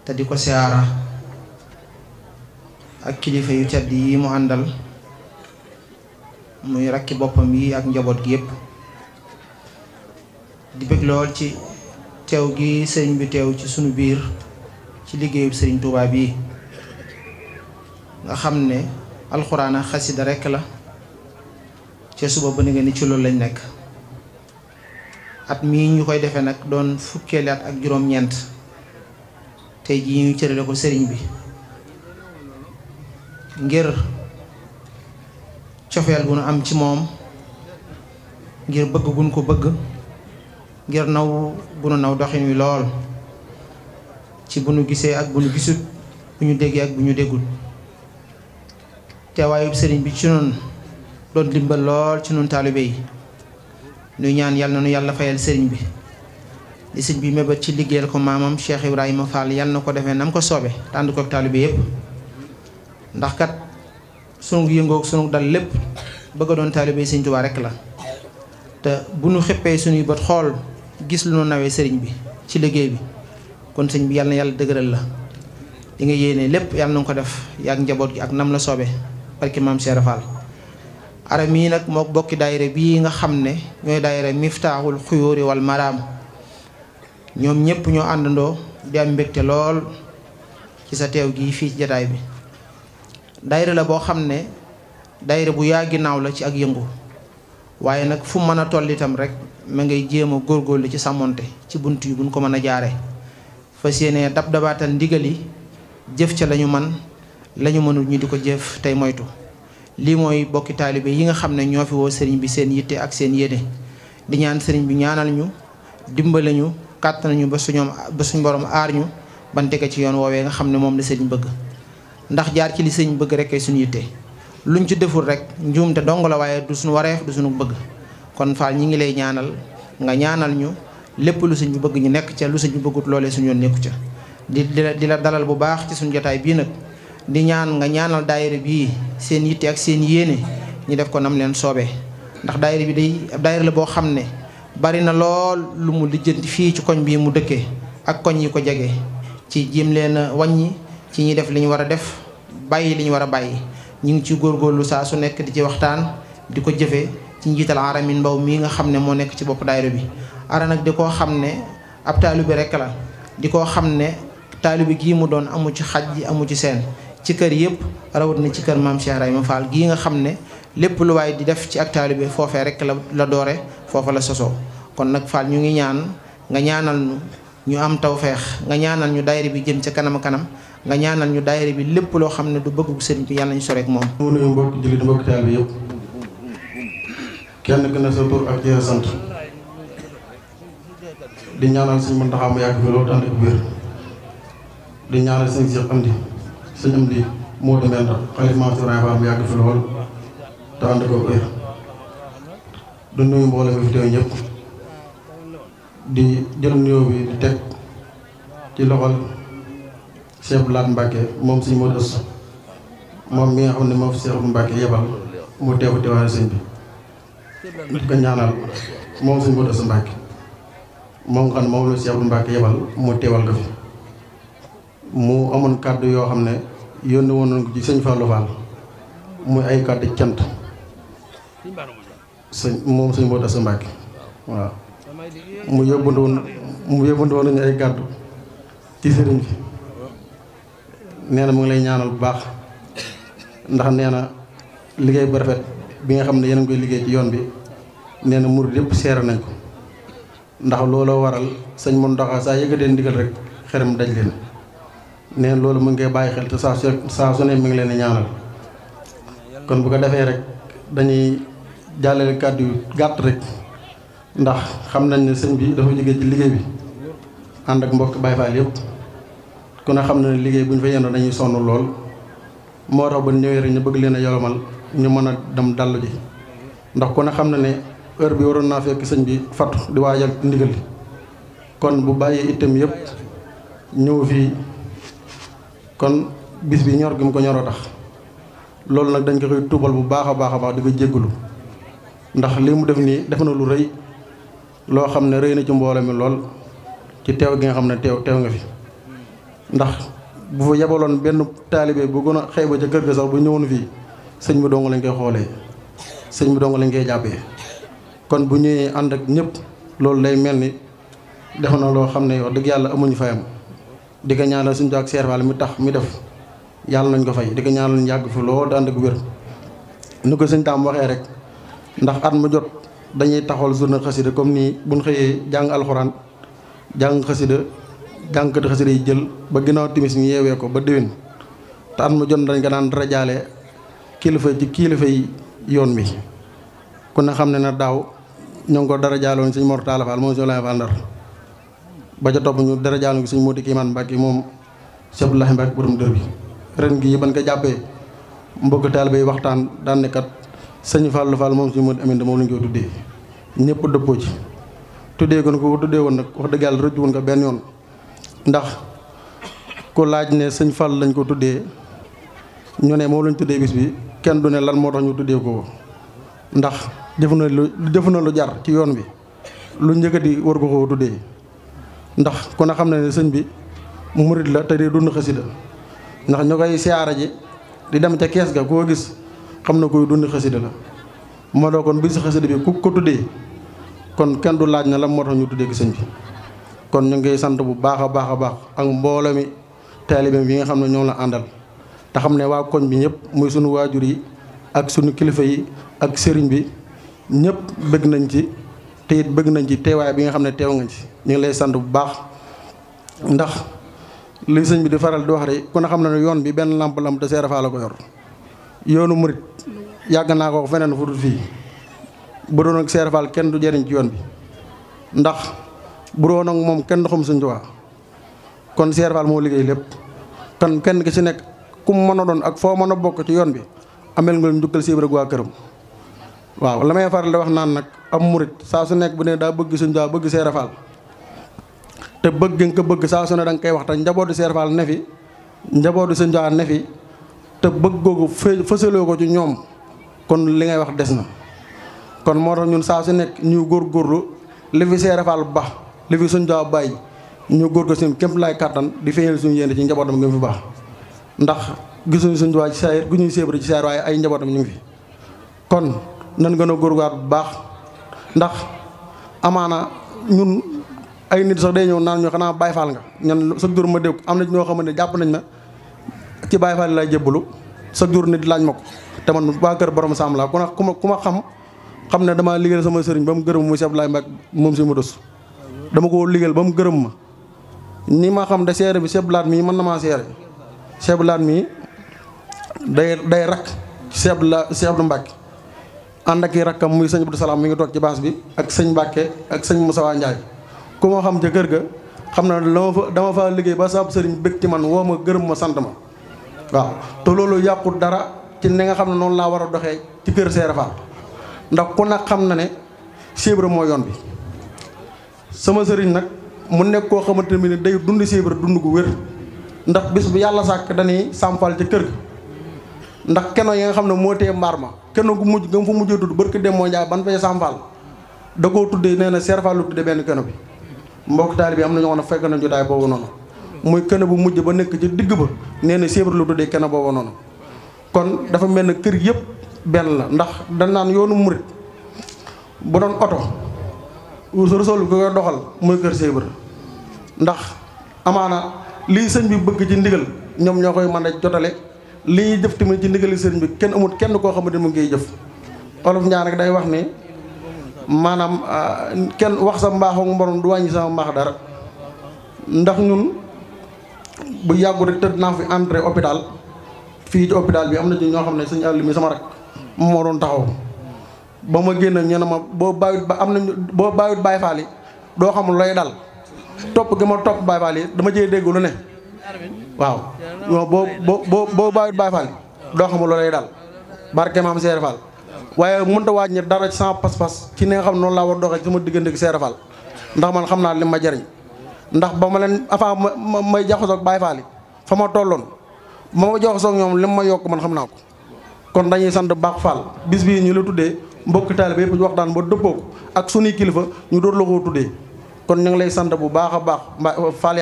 Speaker 2: te di ko siyaara ak kilifa yu tedd yi mu àndal muy rakki boppam yi ak njaboot gi yépp di bëgg lool ci teew gi sëriñ bu teew ci sunu biir ci liggéeyu sëriñ Tuubaa yi nga xam ne alxuraan xasida rekk la ca suba ba nga ni ci loolu lañ nekk. at mii ñu koy defee nag doon fukkeeli at ak juróom-ñeent tey jii ñu cërale ko sëriñ bi ngir cofeel gu nu am ci moom ngir bëgg gu ko bëgg ngir naw bu nu naw doxin wi lool ci bu nu gisee ak bu nu gisut bu ñu déggee ak bu ñu déggul teewaayu sëriñ bi ci noonu doon dimbal lool ci nun taalibe yi nuy ñaan yal na nu yàlla fayal sëriñ bi li sëñ bi mébét ci liggéeyal ko maamam Cheikh Ibrahima Fall yal na ko defee nam ko soobe tànd ko taalibe yépp ndax kat sunu yëngoog sunu dal lépp bëgg doon taalibe sëñ Tuubaa rekk la te bu nu xëppee suñuy bët xool gis lu nu nawee sëriñ bi ci liggéey bi kon sëñ bi yal na yàlla dëgëral la li nga yéene lépp yal na ko def yaag njaboot gi ak nam la soobe barki maam Cheikh Fall aram yi nag moo bokki daayira bii nga xam ne ñooy daayira miftaaxul xuyóori wal maraam ñoom ñépp ñoo àndandoo di am mbégte lool ci sa teew gii fii ci jataay bi daayira la boo xam ne daayira bu yaa ginnaaw la ci ak yëngu waaye nag fu mën a toll itam rek ma ngay jéem a góorgóorlu ci sàmmonte ci bunt yi buñ ko mën a jaare fas yéene dab dabaatal ndigal yi jëf ca lañu man lañu mënul ñu di ko jëf tey moytu lii mooy bokki taalibe yi nga xam ne ñoo fi woo sëriñ bi seen yitte ak seen yene di ñaan sëriñ bi ñaanal ñu dimbale ñu kàtt nañu ba suñoom ba suñ borom aar ñu ban tege ci yoon woowee nga xam ne moom la seen bëgg ndax jaar ci li sëriñ bëgg rek kay suñu yitte luñ ci deful rek njuumte dong la waaye du suñu wareef du suñu bëgg kon faal ñi ngi lay ñaanal nga ñaanal ñu lépp lu sëriñ bi bëgg ñu nekk ca lu sëriñ bi bëggut loolee suñu yoon nekku ca di di la dalal bu baax ci suñu jotaay bii nag di ñaan nga ñaanal daayira bii seen yitte ak seen yéene ñu def ko nam leen soobe ndax daayira bi day ab la boo xam ne bari na lool lu mu lijjanti fii ci koñ bii mu dëkkee ak koñ yi ko jege ci jéem leen wàññi ci ñi def li ñu war a def bàyyi li ñu war bàyyi ñu ngi ci góorgóorlu saa su nekk di ci waxtaan di ko jëfee ci njiital aramin mbaw mii nga xam ne moo nekk ci bopp daayira bi ara nag di koo xam ne ab bi rekk la di ko xam ne bi gii mu doon amu ci xaj amu ci seen ci kër yëpp rawat na ci kër maam Cheikh Ibrahima Fall gii nga xam ne lépp lu waaye di def ci ak taalibe foofee rek la la doore foofa la sosoo kon nag Fall ñu ngi ñaan nga ñaanal ñu ñu am tawfeex nga ñaanal ñu daayira bi jëm ca kanam kanam nga ñaanal ñu dayre bi lépp loo xam ne du bëgg sëriñ bi yàlla ñu soreek moom. ñu ngi nuyu mbokk jullit mbokk taalibe yëpp kenn gën a sa tur ak jërë sant
Speaker 7: di ñaanal suñu Muntaxa mu yàgg mu loolu ànd ak wér di ñaanal suñu Seex Amdi sëñ am di moo demee ndax xalif bi di teg ci loxol moo ës mi nga xam ne moom Cheikh bu Mbacke yebal mu teew teewaale sëñ bi di ko ñaanal moom nga xam ne moom la Cheikh bu yebal mu teewal ko fi mu amoon kàddu yoo xam ne yónni woon ko ci sëñ Fallou Fall muy ay kàddu cant sëñ moom sëñ Modou Asta Mbacké waaw mu yóbbante mu yóbbante woon nañu ay kàddu ci sëriñ bi nee na mu ngi lay ñaanal bu baax ndax nee na liggéey bu rafet bi nga xam ne yéen a koy liggéey ci yoon bi nee na murid yëpp seere nañ ko ndax looloo waral sëñ Mountakha saa yëgatee ndigal rek xerem daj leen neen loolu mu ngi koy bàyyi xel te saa su saa su ne mi ngi leen di ñaanal kon bu ko defee rek dañuy jàllale kàddu yu gàtt rek ndax xam nañ ne sëñ bi dafa jóge ci liggéey bi ànd ak mbokk Baay Faal yëpp ku ne xam na ne liggéey bu ñu fa yendoo dañuy sonn lool moo tax ba ñëwee rek ñu bëgg leen a yolomal ñu mën a dem dallu ji ndax ku ne xam na ne heure bi waroon naa fekk sëñ bi fatu di waajal ndigal kon bu bàyyee itam yëpp ñëw fii kon bis bi ñor gi mu ko ñoroo tax loolu nag dañ ko koy tuubal bu baax a baax a baax di ko ndax li mu def nii def na lu rëy loo xam ne rëy na ci mboole mi lool ci teew gi nga xam ne teew teew nga fi ndax bu fa yebaloon benn taalibe bu gën a xeeba ca kër ga sax bu ñëwoon fii sëñ bi dong lañ koy xoolee sëñ bi dong lañ koy jàppee kon bu ñëwee ànd ak ñëpp loolu lay mel ni def na loo xam ne wax dëgg yàlla amuñu fayam. di ko suñ suñu ak serval mi tax mi def yàlla nañ ko fay di ko ñaanal ñu yàgg fi lool daan ak wér ni ko sëñ Daam waxee rek ndax at mu jot dañuy taxawal journée xasida comme nii buñ xëyee jàng alxuraan jàng xasida jàngkat xasida yi jël ba ginnaaw timis ñu yeewee ko ba déwén te at mu jot dañ ko daan dara rajaale kilifa ci kilifa yi yoon bi ku ne xam ne na daaw ñoo ngi ko dara jaaloon sëñ Mor Talla Fall moom sëñ Laay Fall Ndar ba ca topp ñu dara jaanu gi sëñ Modou Kimane Mbacke moom sëñ Abdoulahi Mbacke borom dër bi ren gi ban ko jàppee mbokk taalibe yi waxtaan daanekat ne kat sëñ Fallou Fall moom sëñ Modou Aminta moom la ñu koy tuddee ñëpp dëppoo ci tuddee kon ko tuddee woon nag wax dëgg yàlla rëccu woon ko benn yoon ndax ku laaj ne sëñ Fall lañ ko tuddee ñu ne moom lañ tuddee bis bi kenn du ne lan moo tax ñu tuddee ko ndax defu na lu defu na jar ci yoon bi lu njëkkati war ko koo tuddee ndax ku ne xam na ne sëñ bi murit la te di dund xasida ndax ñu koy siyaara ji di dem ca kees ga koo gis xam na koy dund xasida la moo doo kon bisu xasida bi ku ko tuddee kon kenn du laaj na la moo tax ñu tuddee ko sëñ bi kon ñu ngi sant bu baax a baax a baax ak mbooloo mi taalibeem yi nga xam ne ñoom la àndal te xam ne waa koñ bi ñëpp muy sunu waajur yi ak sunu kilifa yi ak sëriñ bi ñëpp bëgg nañ ci te it bëgg nañ ci teewaay bi nga xam ne teew nga ci ñu ngi lay sant bu baax ndax li sëñ bi di faral di wax rek ku ne xam na ne yoon bi benn làmp lamp te Seera Faal ko yor yoonu murit yàgg naa ko feneen fu dul fii bu doon ak Faal kenn du jëriñ ci yoon bi ndax bu doon moom kenn doxum Sëñ Tuubaa kon Seera Faal moo liggéey lépp kon kenn ki si nekk kum mën a doon ak foo mën a bokk ci yoon bi amel nga lu njukkal siibra waa këram waaw la may faral di wax am murit saa su nekk bu nee daa bëgg suñ daa bëgg Seera Faal te bëgg nga ko bëgg saa su ne da nga koy wax te njabootu Seera Faal ne fi njabootu suñ ne fi te bëgg googu fësaloo ko ci ñoom kon li ngay wax des na. kon moo tax ñun saa su nekk ñu góorgóorlu li fi Seera Faal baax li fi suñ daa bàyyi ñu góor ko suñu képp laay di feeñal suñu yéene ci njabootam gi mu baax ndax gisuñu suñ daa ci saa gu ñuy séebri ci saa waaye ay njabootam ñu ngi fi kon nan gën a góorgóorlu bu baax. ndax amaana ñun ay nit sax day ñëw naan ñu xanaa Baye Fall nga ñan chaque jour ma dégg am na ñoo xamante ne jàpp nañ na ci Baye Fall lay jébbalu du jour nit laaj ma ko te man waa kër borom Sam laa ku ma ku ma xam xam ne damaa liggéeyal sama sëriñ ba mu gërëm mu si Abdoulaye Mbacke moom si mu dus dama koo liggéeyal ba mu gërëm ma ni ma xam de seere bi seblaat mii mën na maa seere seblaat mii day day rakk sebla seblu Mbacke ànd ak i rakkam muy sëñ Abdou Salaam mi ngi toog ci baas bi ak sëñ Mbàkke ak sëñ Moussa Ndiaye ku ma xam ca kër ga xam na dama fa dama fa liggéey ba sab sëriñ bëgg ci man woo ma gërëm ma sant ma waaw te loolu yàqul dara ci ni nga xam ne noonu laa war a doxee ci kër Seera Faal ndax ku nag xam na ne sibre mooy yoon bi sama sëriñ nag mu nekk koo xamante ne day dund sibre dund gu wér ndax bis bu yàlla sàkk dañuy sàmpal ci kër ga ndax keno yi nga xam ne moo téye mbaar ma keno gu mujj nga fa mujjee tudd barke dem moo njaay ban fay sàmfaal da koo tuddee nee na serfaal lu tuddee benn keno bi mbokk taali bi am na ñoo xam ne fekk na jotaay boobu noonu muy keno bu mujj ba nekk ci digg ba nee na lu tuddee keno boobu noonu kon dafa mel ne kër yëpp benn la ndax dañ naan yoonu murit bu doon oto Rasuul bi ko doxal mooy kër séebra ndax amaana lii sëñ bi bëgg ci ndigal ñoom ñoo koy mën a jotale li ñuy jëf tamit ci ndigali sëriñ bi kenn amul kenn koo xam ne mu ngi jëf olof ñaar nag day wax ni maanaam ah, kenn wax sa mbaaxu mborom du wàññi sama mbaax dara ndax ñun bu yàggu rek tëdd naa fi entré hôpital fii ci hôpital bi am na ci ñoo xam ne suñu àll mi sama rek moo doon taxaw ba ma génn ñu ne ma boo bàyyut am nañu boo bàyyut Baay Faal yi doo xamul looy dal topp gi ma topp Baay Faal yi dama cee dégg lu ne. waaw non boo boo boo bàyyut Baay Faal doo xam lu lay dal barke maam Seere Faal waaye mënta wàññi dara ci sama pas-pas ci ni xam noonu laa war doxee ci sama diggante ak Seere Faal ndax man xam naa li ma jariñ ndax ba ma leen avant ma may jaxasoo ak Baay Faal yi fa ma tolloon ma ma jox soog ñoom li ma yokk man xam naa ko kon dañuy sant baax Fall bis bii ñu la tuddee mbokki taalibe yëpp ñu waxtaan ba dëppoo ko ak sunuy kilifa ñu doon la ko tuddee kon ñu ngi lay sant bu baax a baax Fall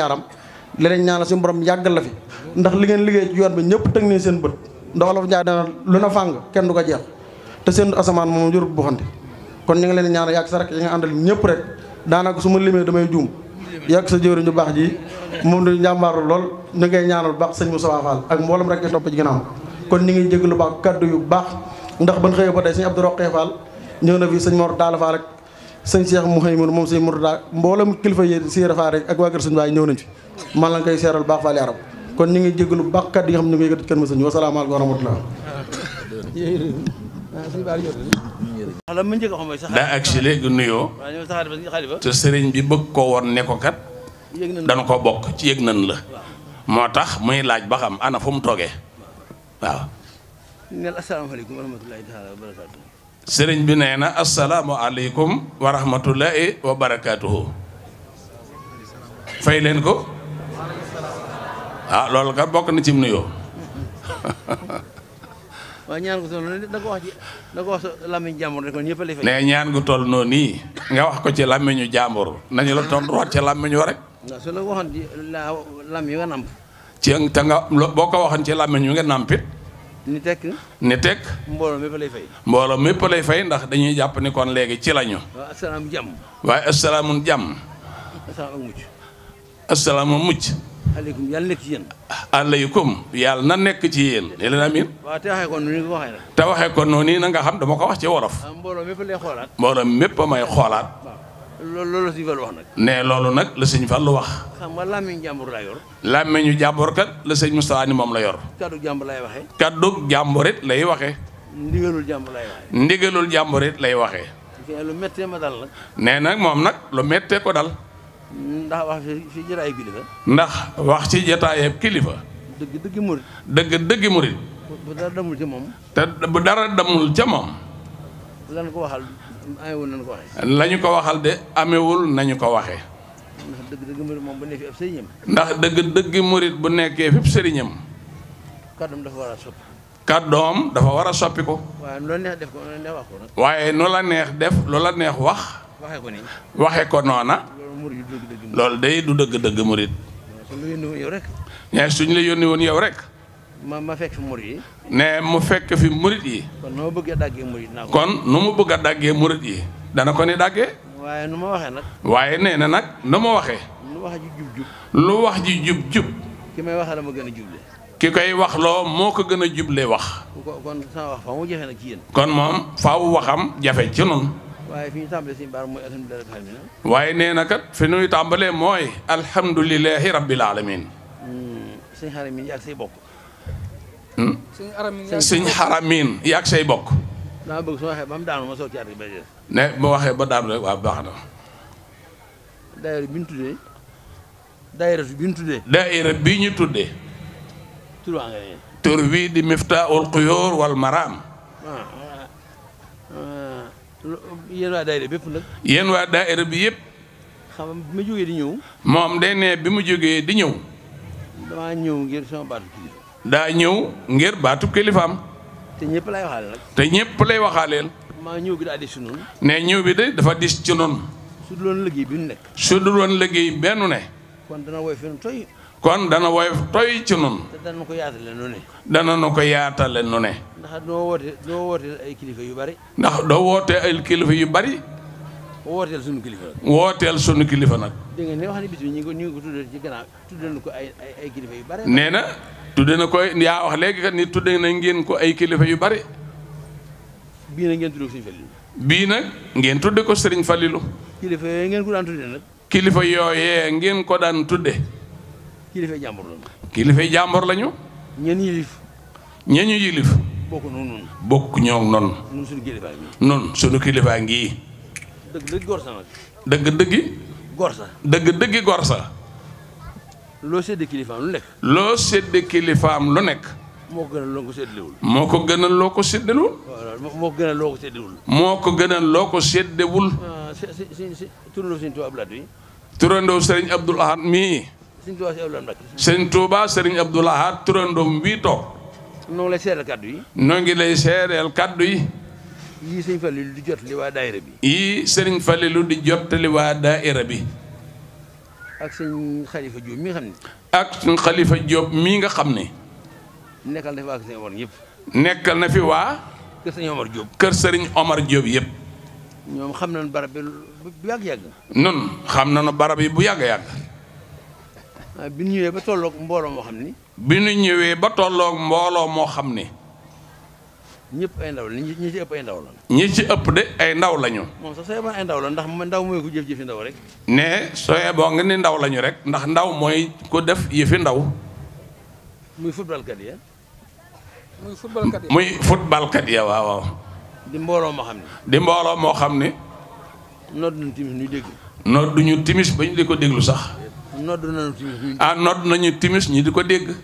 Speaker 7: leneen ñaan la suñu borom yàggal la fi ndax li liggéey ci yoon bi ñëpp teg nañ seen bët ndax olof Njaay dana lu na fàng kenn du ko jeex te seen asamaan moom jurut bu xante kon ñu ngi leen ñaan yàgg sa rek yi nga àndal ñëpp rek daanaka su ma limee damay juum yàgg sa jëwriñ ju baax ji moom du njàmbaaru lool ñu ngay ñaanal baax sëñ Moussa Fall ak mboolem rek yi topp ci ginnaaw kon ñu ngi jégg lu baax kàddu yu baax ndax ban xëyee ba tey sëñ Abdou Roqee Fall ñëw na fi sëñ Mor Talla Fall rek sëñ Cheikh Mouhaïmoun moom sëñ Mourtada mboolem kilifa yi si rafaa rek ak waa kër sëñ Baay ñëw nañ fi man la koy seeral baax faali arab kon ñu ngi jégalu baax kat yi nga xam ñu ngi yëkkati kenn ma sëñ wasalaamaaleykum wa rahmatullah
Speaker 8: daa agsi léegi nuyoo te sëriñ bi bëgg ko won ne ko kat dañ ko bokk ci yëg nan la moo tax muy laaj ba xam ana fu mu toogee waaw
Speaker 9: wa rahmatullahi taala wa
Speaker 8: sëriñ bi nee na asalaamualeykum wa rahmatullahi wa barakaatuhu leen ko ah loolu ka bokk na ci nuyoo *laughs*
Speaker 9: waaye ñaan gu toll noonu da ko ko ne ñëpp lay fay. nee
Speaker 8: ñaan gu toll noonu nii nga wax ko ci làmmiñu jàmbur nañu la tontu wax ci làmmiñu rek.
Speaker 9: waaw su la waxoon
Speaker 8: boo ko waxoon ci làmmiñ nga nàmpit ni tekk ni tekk
Speaker 9: mbooloo mépp fay.
Speaker 8: mbooloo mépp lay fay ndax dañuy jàpp ni kon léegi ci lañu.
Speaker 9: waaye asalaamu jàmm.
Speaker 8: waaye asalaamu jàmm. asalaamu mucc. asalaamu mucc.
Speaker 9: aleykum yàlla nekk ci yéen.
Speaker 8: aleykum yàlla na nekk ci yéen. yéen amiin.
Speaker 9: waaw te waxee ko noonu waxee la.
Speaker 8: te waxee ko noonu na nga xam dama ko wax ci wolof.
Speaker 9: Ah, mbooloo mépp lay xoolaat.
Speaker 8: mbooloo mépp may xoolaat.
Speaker 9: loolu la wax nag.
Speaker 8: ne loolu nag la sëñ lu wax.
Speaker 9: xam nga làmmiñu jàmbur laa yor.
Speaker 8: làmmiñu jàmbur kat la sëñ Moustapha ni moom la yor.
Speaker 9: kaddu jàmbur lay waxee.
Speaker 8: kaddu jàmbur it lay waxee.
Speaker 9: ndigalul jàmbur lay
Speaker 8: waxee. ndigalul jàmbur it lay waxee.
Speaker 9: lu méttee ma dal la.
Speaker 8: nee nag moom nag lu méttee ko dal.
Speaker 9: ndax wax ci jotaayu kilifa.
Speaker 8: ndax wax ci jotaayu kilifa. dëgg dëgg murit. dëgg dëgg murit.
Speaker 9: bu dara damul ca moom.
Speaker 8: te bu dara damul ca moom. ko waxal. la ñu ko waxal de amewul nañu ko waxe
Speaker 9: ndax dëgg-dëgg murit moom bu nekkee ab sëriñam.
Speaker 8: ndax dëgg-dëgg murit bu nekkee fépp sëriñam.
Speaker 9: kàddoom dafa war a soppi.
Speaker 8: kàddoom dafa war a soppi ko.
Speaker 9: waaye loo neex def ko loo wax
Speaker 8: ko waaye nu la neex def lu la neex wax. waxee ko nii. waxee ko noona. loolu day du dëgg-dëgg murit.
Speaker 9: suñ la yónni woon yow rek.
Speaker 8: ñaar la yónni woon yow rek.
Speaker 9: ma ma fekk fi murit yi.
Speaker 8: ne mu fekk fi murit yi.
Speaker 9: kon nu ma bëgg a daggee murit
Speaker 8: naa kon nu mu bëgg a daggee murit yi. dana ko ni daggee.
Speaker 9: waaye nu ma waxee nag.
Speaker 8: waaye nee na nag nu ma waxee.
Speaker 9: lu wax ji jub jub. wax ji jub jub. ki may waxee la ma gën a juble.
Speaker 8: ki koy wax loo moo ko gën a juble wax.
Speaker 9: kon wax faaw mu jafe nag kon moom
Speaker 8: faaw waxam jafe ci noonu.
Speaker 9: waaye fi ñu tàmbalee suñu baar
Speaker 8: mooy alhamdulilah rabbil alamin. waaye nee na kat fi tàmbalee mooy alhamdulilahi rabbil alamin.
Speaker 9: Hmm, sëñ xarit mi ak say bokk. sëñ xaramin
Speaker 8: yaag say bokk.
Speaker 9: daa bëgg soo waxee ba mu daanu ma soog ci article bi
Speaker 8: ne boo waxee ba daanu rek waaw baax na.
Speaker 9: daayira bi ñu tuddee. daayira bi ñu tuddee.
Speaker 8: bi ñu tuddee. tur waa ngay tur wii di Miftaahul Xuyóor wal Maraam.
Speaker 9: Ah, ah, ah. yéen waa daayira bépp nag.
Speaker 8: yéen waa daayira bi yëpp. nga bi ma jógee di ñëw. moom day bi mu jógee di ñëw.
Speaker 9: damaa ñëw ngir sama baatu kilifa.
Speaker 8: daa ñëw ngir baatu kilifaam.
Speaker 9: te ñëpp lay waxaale nag.
Speaker 8: te ñëpp lay waxaaleel.
Speaker 9: maa ñëw bi daa dis ci
Speaker 8: ñëw bi de dafa dis ci noonu. su dul woon liggéey bi nu nekk. su woon liggéey benn ne.
Speaker 9: kon dana woyof toy.
Speaker 8: kon dana woyof toy ci noonu.
Speaker 9: te dana ko yaatale nu ne.
Speaker 8: dana nu ko yaatale nu ne.
Speaker 9: ndax doo woote ay kilifa yu
Speaker 8: bari. ndax doo wootee ay kilifa yu bari.
Speaker 9: wooteel sunu kilifa nag.
Speaker 8: wooteel sunu kilifa nag.
Speaker 9: dégg nga ne wax ne bis ko ñu ngi ko tuddee ko ay ay kilifa yu bari. nee na.
Speaker 8: tudde na koy yaa wax léegi kat ni tudde na ngeen ko ay kilifa yu bari
Speaker 9: bii
Speaker 8: nag ngeen tudde ko Serigne Fallilou.
Speaker 9: bii nag ngeen tudde ko Serigne Fallilou.
Speaker 8: kilifa yooyee ngeen ko daan tudde nag.
Speaker 9: kilifa yooyee ngeen ko daan tudde. kilifa jàmbur lañu.
Speaker 8: kilifa jàmbur lañu. ñenn yilif. ñenn yilif. bokk noonu noonu. bokk ñoo noonu. noonu kilifaa ngi.
Speaker 9: noonu
Speaker 8: dëgg dëgg dëgg dëggi. gorsa dëgg dëggi gorsa. loo séddee kilifaam lu nekk. loo séddee kilifaam lu nekk.
Speaker 9: moo ko gënal loo ko séddewul. moo ko
Speaker 8: gënal loo ko séddewul.
Speaker 9: moo ko gënal loo ko séddewul.
Speaker 8: moo ko gënal ah, loo ko séddewul. turandoo sëriñ Tuubaa Abdul Ahad mii.
Speaker 9: turandoo sëriñ Abdul Ahad mii.
Speaker 8: sëriñ Tuubaa sëriñ Abdul Ahad turandoom wii toog.
Speaker 9: noo ngi lay seeral kaddu yi.
Speaker 8: noo ngi lay seeral kaddu yi.
Speaker 9: yii Falilu di jottali waa bi.
Speaker 8: yii sëriñ Falilu di waa daayira bi.
Speaker 9: ak sëñ
Speaker 8: Khalifa Diop mi nga xam mii
Speaker 9: nga xam ne.
Speaker 8: nekkal na fi waa kër sëñ Omar yëpp. nekkal na fi waa. kër sëñ kër sëriñ Omar Diop yëpp.
Speaker 9: ñoom xam nañu barab bi bu yàgg yàgg.
Speaker 8: nun xam nañu barab yi bu yàgg yàgg.
Speaker 9: bi ñu ñëwee ba tolloog mbooloo moo xam ni.
Speaker 8: bi ñu ñëwee ba tollook mbooloo moo xam ni.
Speaker 9: ñépp ay ndaw la ñi ci ëpp ay la.
Speaker 8: ñi ci ëpp de ay ndaw lañu.
Speaker 9: moom sax ndaw la ndax ndaw mooy ku jëf jëfi ndaw rek.
Speaker 8: ne sooy boo nga ni ndaw lañu rek ndax ndaw mooy ko def yëfi ndaw. muy football ya. muy football kat ya muy ya waaw di mbooloo moo xam ne. di mbooloo moo xam ne.
Speaker 9: nodd nañu timis ñuy dégg.
Speaker 8: duñu timis ba ñu di ko déglu sax. nodd nañu timis ñuy. Ah, di ko dégg.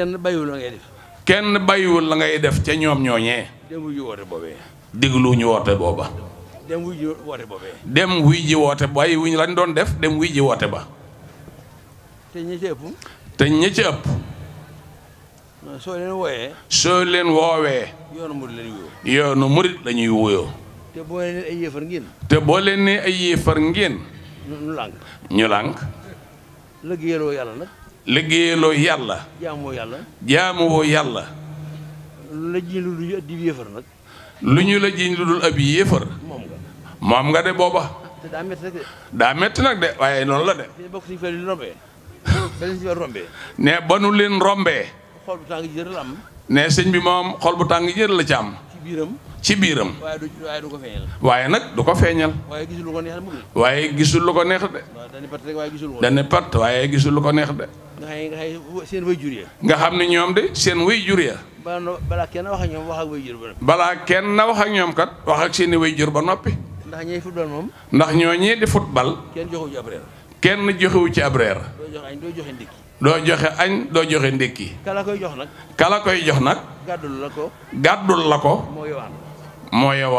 Speaker 9: kenn bàyyiwul la ngay
Speaker 8: def. bàyyiwul la ngay def ca ñoom ñooñee.
Speaker 9: dem wuy ji woote boobee.
Speaker 8: diglu ñu woote booba.
Speaker 9: dem wuy woote
Speaker 8: boobee. dem wuy woote bàyyi wuñ lañ doon def dem wuy ji woote ba. te ñi ëpp. te ñi ci ëpp.
Speaker 9: soo leen wooyee.
Speaker 8: soo leen woowee.
Speaker 9: yoonu murit la ñuy
Speaker 8: wuyoo. murit la ñuy
Speaker 9: te boo leen ay yéefar ngeen.
Speaker 8: te boo leen nee ay yéefar ngeen. ñu lànk.
Speaker 9: yàlla nag.
Speaker 8: liggéeyaloo yàlla. jaamuwoo yàlla. jaamuwoo yàlla. lu la jiñ lu ñu la jiñ lu dul ab yéefar. moom nga moom nga de booba. daa métti nag de. daa métti nag de waaye noonu la de. ne ba nu leen rombee.
Speaker 9: xool bu tàng jër am.
Speaker 8: ne sëñ bi moom xool bu tàng jër la ci am. ci biiram. ci biiram.
Speaker 9: waaye du waaye du ko feeñal.
Speaker 8: waaye nag du ko feeñal.
Speaker 9: waaye gisul lu ko neex de.
Speaker 8: waaye gisul lu ko neex de. waaye gisul lu ko neex de.
Speaker 9: nga xam seen
Speaker 8: nga xam ne ñoom de seen way jur ya
Speaker 9: balaa kenn wax ak ñoom wax ak
Speaker 8: balaa kenn wax ak ñoom kat wax ak seen i way jur ba noppi.
Speaker 9: ndax ñooy football moom.
Speaker 8: ndax ñoo ñee di football.
Speaker 9: kenn joxewu ci ab reer.
Speaker 8: joxewu ci ab reer. doo joxe añ doo joxe ndékki. doo joxe añ doo joxe ndékki.
Speaker 9: kala koy jox nag.
Speaker 8: kala koy jox nag. gàddul la ko. gàddul la ko. moo yow ànd. moo yow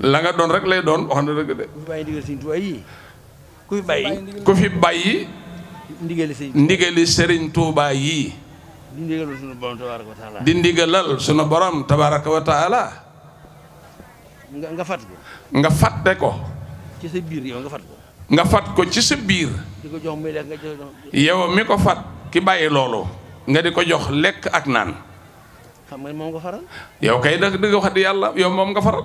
Speaker 8: la nga doon rek la doon. doon rek lay doon wax na dëgg de. ku fi bàyyi ndigal ku fi bàyyi ku fi bàyyi.
Speaker 9: ndigali sëriñ ndigali sëriñ
Speaker 8: Touba yii.
Speaker 9: di ndigalal sunu
Speaker 8: borom tabaaraka wa taala.
Speaker 9: di nga fat ko.
Speaker 8: nga fàtte ko.
Speaker 9: ci sa biir yow nga fat ko.
Speaker 8: fat ko ci sa biir. di ko jox muy yow mi ko fat ki bàyyi loolu. nga di ko jox lekk ak naan.
Speaker 9: xam moom nga faral.
Speaker 8: yow kay da di wax di yàlla yow moom nga faral.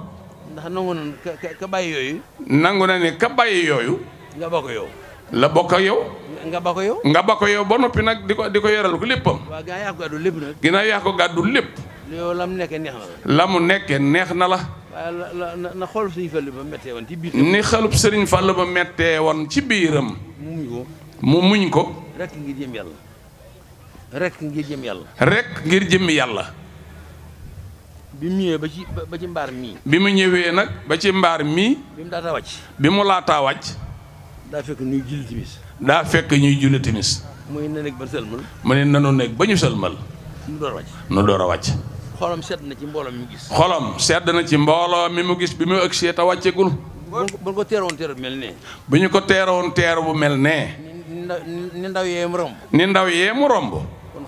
Speaker 9: ndax nangu na ka ka bàyyi yooyu.
Speaker 8: nangu na ne ka bàyyi yooyu. nga bokk la bokk ak yow. nga ba ko yow. nga ba ko yow ba noppi nag di ko di ko yoral ko léppam. waaw gaa ko gàddu lépp nag. ginnaaw yaa gàddu lépp.
Speaker 9: la mu nekkee neex na la.
Speaker 8: la mu nekkee neex na la.
Speaker 9: na xool sëriñ Fallou ba méttee woon ci biir. ni
Speaker 8: xalub sëriñ Fallou ba méttee woon ci biiram. mu muñ ko. mu muñ ko.
Speaker 9: rek ngir jëm yàlla. rek ngir jëm yàlla.
Speaker 8: rek ngir jëm yàlla.
Speaker 9: bi mu ñëwee ba ci ba ci mbaar mii.
Speaker 8: bi mu ñëwee nag ba ci mbaar mii. bi mu laataa wàcc. bi mu laataa wàcc. daa fekk ñuy julli timis daa fekk ñuy julli timis
Speaker 9: mu ne nekk ba sëlmal
Speaker 8: mu ne nanu nekk ba ñu sëlmal nu door a wàcc nu door a wàcc
Speaker 9: xolam sedd na ci mbooloo mi mu gis
Speaker 8: xolam sedd na ci mbooloo mi mu gis bi mu ëgsee te wàccegul bu ñu ko teeroon teer bu mel nee bu ñu ko woon teer bu mel nee
Speaker 9: ni ndaw yee mu romb
Speaker 8: ni ndaw yee mu romb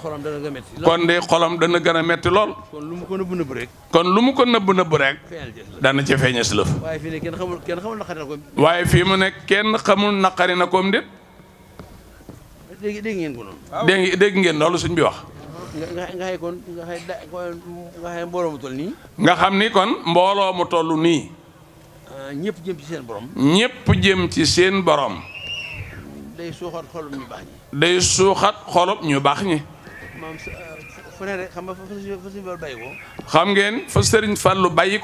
Speaker 9: xolam dana gën a métti
Speaker 8: kon de xolam dana gën a métti lool. kon lu mu ko nëbb nëbb rek. kon lu mu ko nëbb nëbb rek. dana ca feeñas lëf.
Speaker 9: waaye fii ne kenn xamul kenn xamul naqari
Speaker 8: waaye fii mu nekk kenn xamul naqari na koom déet.
Speaker 9: dégg dégg ngeen ko noonu.
Speaker 8: dégg ngeen loolu suñ bi wax.
Speaker 9: nga nga xay kon nga xay da nii.
Speaker 8: nga xam ni kon mbooloo mu toll nii.
Speaker 9: Ah, ñëpp jëm ci seen borom.
Speaker 8: ñëpp jëm ci seen borom.
Speaker 9: day suuxat xolub
Speaker 8: ñu suuxat xolub ñu baax ñi.
Speaker 9: maam fu ne rek xam nga fa Sëriñ Fallu bàyyi ko.
Speaker 8: xam ngeen fa Sëriñ Fallu bàyyi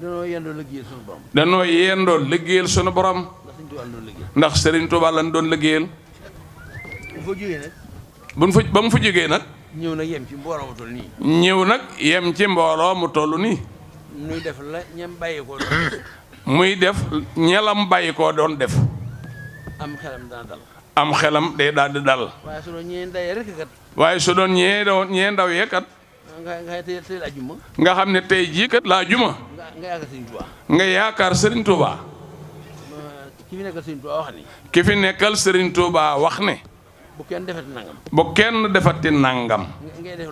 Speaker 9: danoo yendoo liggéeyal sunu borom. danoo yendoo
Speaker 8: ndax Sëriñ Tuubaa lañ doon liggéeyal.
Speaker 9: bu fa jógee nag. mu fa jógee nag. ñëw nag yem ci mbooloo mu toll nii.
Speaker 8: ñëw nag yem ci mbooloo mu toll nii.
Speaker 9: muy def la ñam
Speaker 8: bàyyi def ñelam bàyyi ko doon def.
Speaker 9: am xelam dana
Speaker 8: dal. am xelam day daal di dal.
Speaker 9: waaye su doon ñee ndaw yee rek kat.
Speaker 8: waaye su doon ñee doon ñee ndaw yee kat. nga xam ne tey jii kat laa juma. nga yaakaar Serigne Touba. nga
Speaker 9: yaakaar Serigne Touba.
Speaker 8: ki fi nekkal Serigne Touba wax ne. ki fi
Speaker 9: wax ne.
Speaker 8: bu kenn defati nangam. bu kenn nangam. ngay def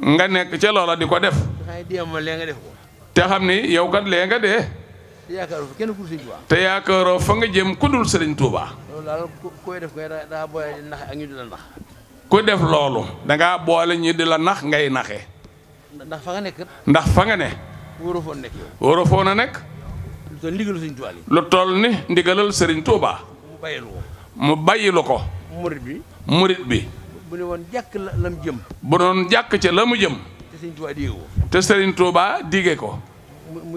Speaker 8: nga nekk ca loola di ko def. te xam ne yow kat lee nga dee. te yaakaaroo fa kenn ku dul Sëriñ Touba. te yaakaaroo fa nga jëm ku dul Sëriñ Touba.
Speaker 9: loolu daal def koy daa boole di nax ak ñu di la nax.
Speaker 8: ku def loolu. da boole ñu di la nax ngay naxe. ndax fa nga nekk. ndax fa nga ne. wóoroo foo nekk na nekk. lu toll ndigalal Sëriñ Touba lu toll ni ndigalal Sëriñ Touba. mu bàyyilu ko. mu bàyyilu ko. murit bi murit bi.
Speaker 9: bu ne woon jàkk la mu jëm.
Speaker 8: bu doon jàkk ca la mu jëm.
Speaker 9: te Sëriñ Touba diige ko.
Speaker 8: te Sëriñ Touba diige ko.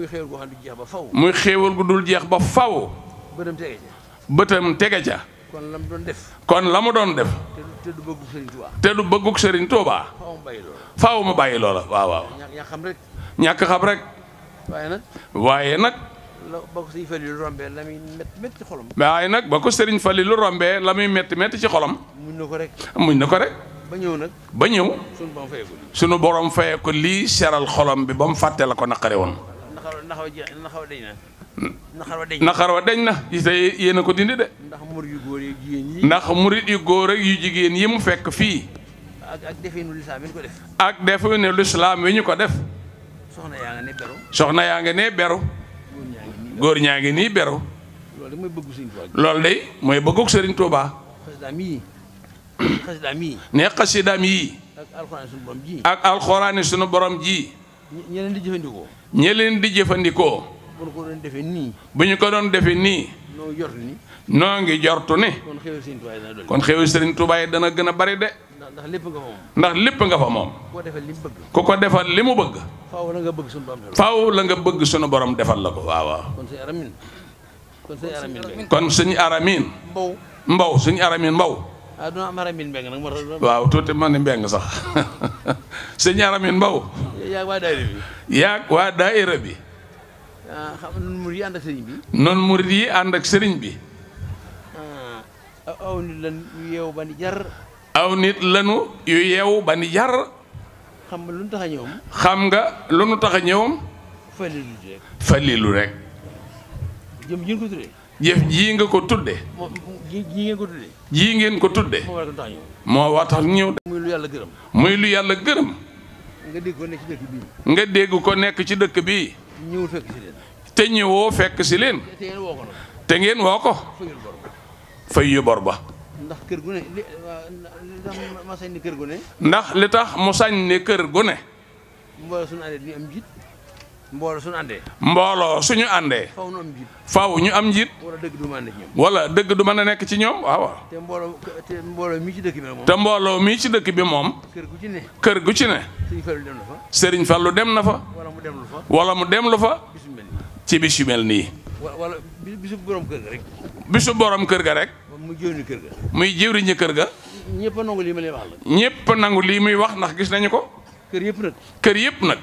Speaker 9: muy xéewal gu dul jeex ba faw
Speaker 8: muy xéewal gu dul jeex ba faw bëtam tege ca bëtam tege ca
Speaker 9: kon la mu doon def
Speaker 8: kon la mu doon def
Speaker 9: te
Speaker 8: du bëggug Serigne Touba te du ma bàyyi loola waaw waaw ñàkk xam rek waaye nag waaye nag
Speaker 9: ba ko Serigne Fallou rombee la muy métti métti
Speaker 8: waaye nag ba ko Serigne Fallou rombee la muy métti métti ci xolam muñ na ko rek muñ na ko rek
Speaker 9: ba ñëw nag ba ñëw
Speaker 8: sunu borom fayee ko lii seral xolam bi ba mu fàtte la ko naqare woon
Speaker 9: naxar wa dañ na
Speaker 8: isa yéen a ko dindi de
Speaker 9: ndax murit yu góor yi
Speaker 8: ndax murit yu góor yu jigéen yi mu fekk fii
Speaker 9: ak defeenu lislaam yi ñu ko def
Speaker 8: ak defeenu lislaam yi ñu ko def
Speaker 9: soxna yaa nga ne beru
Speaker 8: soxna yaa nga ne beru góor ñaa ngi nii beru loolu de mooy bëggug Sëriñ Tuubaa *coughs* ne xasidaam ak sunu borom ji
Speaker 9: ñi di jëfandikoo
Speaker 8: ñe leen di jëfandikoo.
Speaker 9: bu ñu ko doon defee nii.
Speaker 8: bu ñu ko doon defee nii. noo jort ni. ngi jortu ni.
Speaker 9: kon xewu Serigne
Speaker 8: Touba yi dana kon xewu Serigne Touba dana gën a bari de.
Speaker 9: ndax lépp nga fa moom.
Speaker 8: ndax lépp nga fa moom. ku ko defal li mu bëgg.
Speaker 9: ku ko defal li mu bëgg. faaw la nga bëgg sunu borom.
Speaker 8: faaw la nga bëgg sunu borom defal la ko waawaa waaw.
Speaker 9: kon sëñ Aramine. kon
Speaker 8: suñu Aramine. mbaw Mbow. Mbow sëñ Aramine Mbow.
Speaker 9: ah du ma am Aramine Mbengue nag moo tax.
Speaker 8: waaw tuuti ma ni Mbengue sax *laughs* sëñ Aramine Mbow.
Speaker 9: yaag waa daayira bi.
Speaker 8: yaag waa daayira bi.
Speaker 9: Ah, xam noonu murid yi ànd ak sëriñ bi.
Speaker 8: noonu murid yi ànd ak sëriñ bi.
Speaker 9: Ah, aw nit lan ni
Speaker 8: lanu yu ba jar.
Speaker 9: xam nga lu nu tax a ñëwam.
Speaker 8: xam nga lu nu tax a ñëwam.
Speaker 9: falilu rek.
Speaker 8: falilu rek. ko tuddee. jëf jii nga ko tuddee.
Speaker 9: jii ngeen ko tuddee.
Speaker 8: jii ngeen ko tudde moo war tax ñëw.
Speaker 9: muy lu yàlla gërëm.
Speaker 8: muy lu yàlla gërëm.
Speaker 9: nga dégg ko nekk ci dëkk bii.
Speaker 8: nga dégg ko nekk ci dëkk bii. ñëwul te ñëwoo fekk si leen. te ngeen woo ko te ngeen woo yu bor ba.
Speaker 9: ndax kër gu ne li ndax kër gu
Speaker 8: ndax li tax mu sañ ne kër gu ne.
Speaker 9: mbooloo mbooloo suñu àndee.
Speaker 8: mbooloo suñu àndee. faaw ñu am njiit. faaw ñu am njiit. wala dëgg du mën a nekk ci ñoom. wala dëgg du mën a nekk ci ñoom waaw waaw.
Speaker 9: te mbooloo te mbooloo mii ci dëkk bi moom. te mbooloo
Speaker 8: mii ci dëkk bi moom. kër gu ci ne. kër gu ci ne.
Speaker 9: Serigne Fallou fa.
Speaker 8: Serigne Fallou dem na fa. wala mu dem lu fa. wala mu dem lu ci bis yu mel nii.
Speaker 9: wala bisu borom kër ga rek.
Speaker 8: bisu borom kër ga rek.
Speaker 1: muy
Speaker 9: jëwriñu kër ga.
Speaker 8: muy jëwriñu kër ga.
Speaker 9: ñëpp nangu lii muy wax
Speaker 8: nag. ñëpp nangu lii muy wax ndax gis nañu ko. kër yëpp nag. kër yëpp nag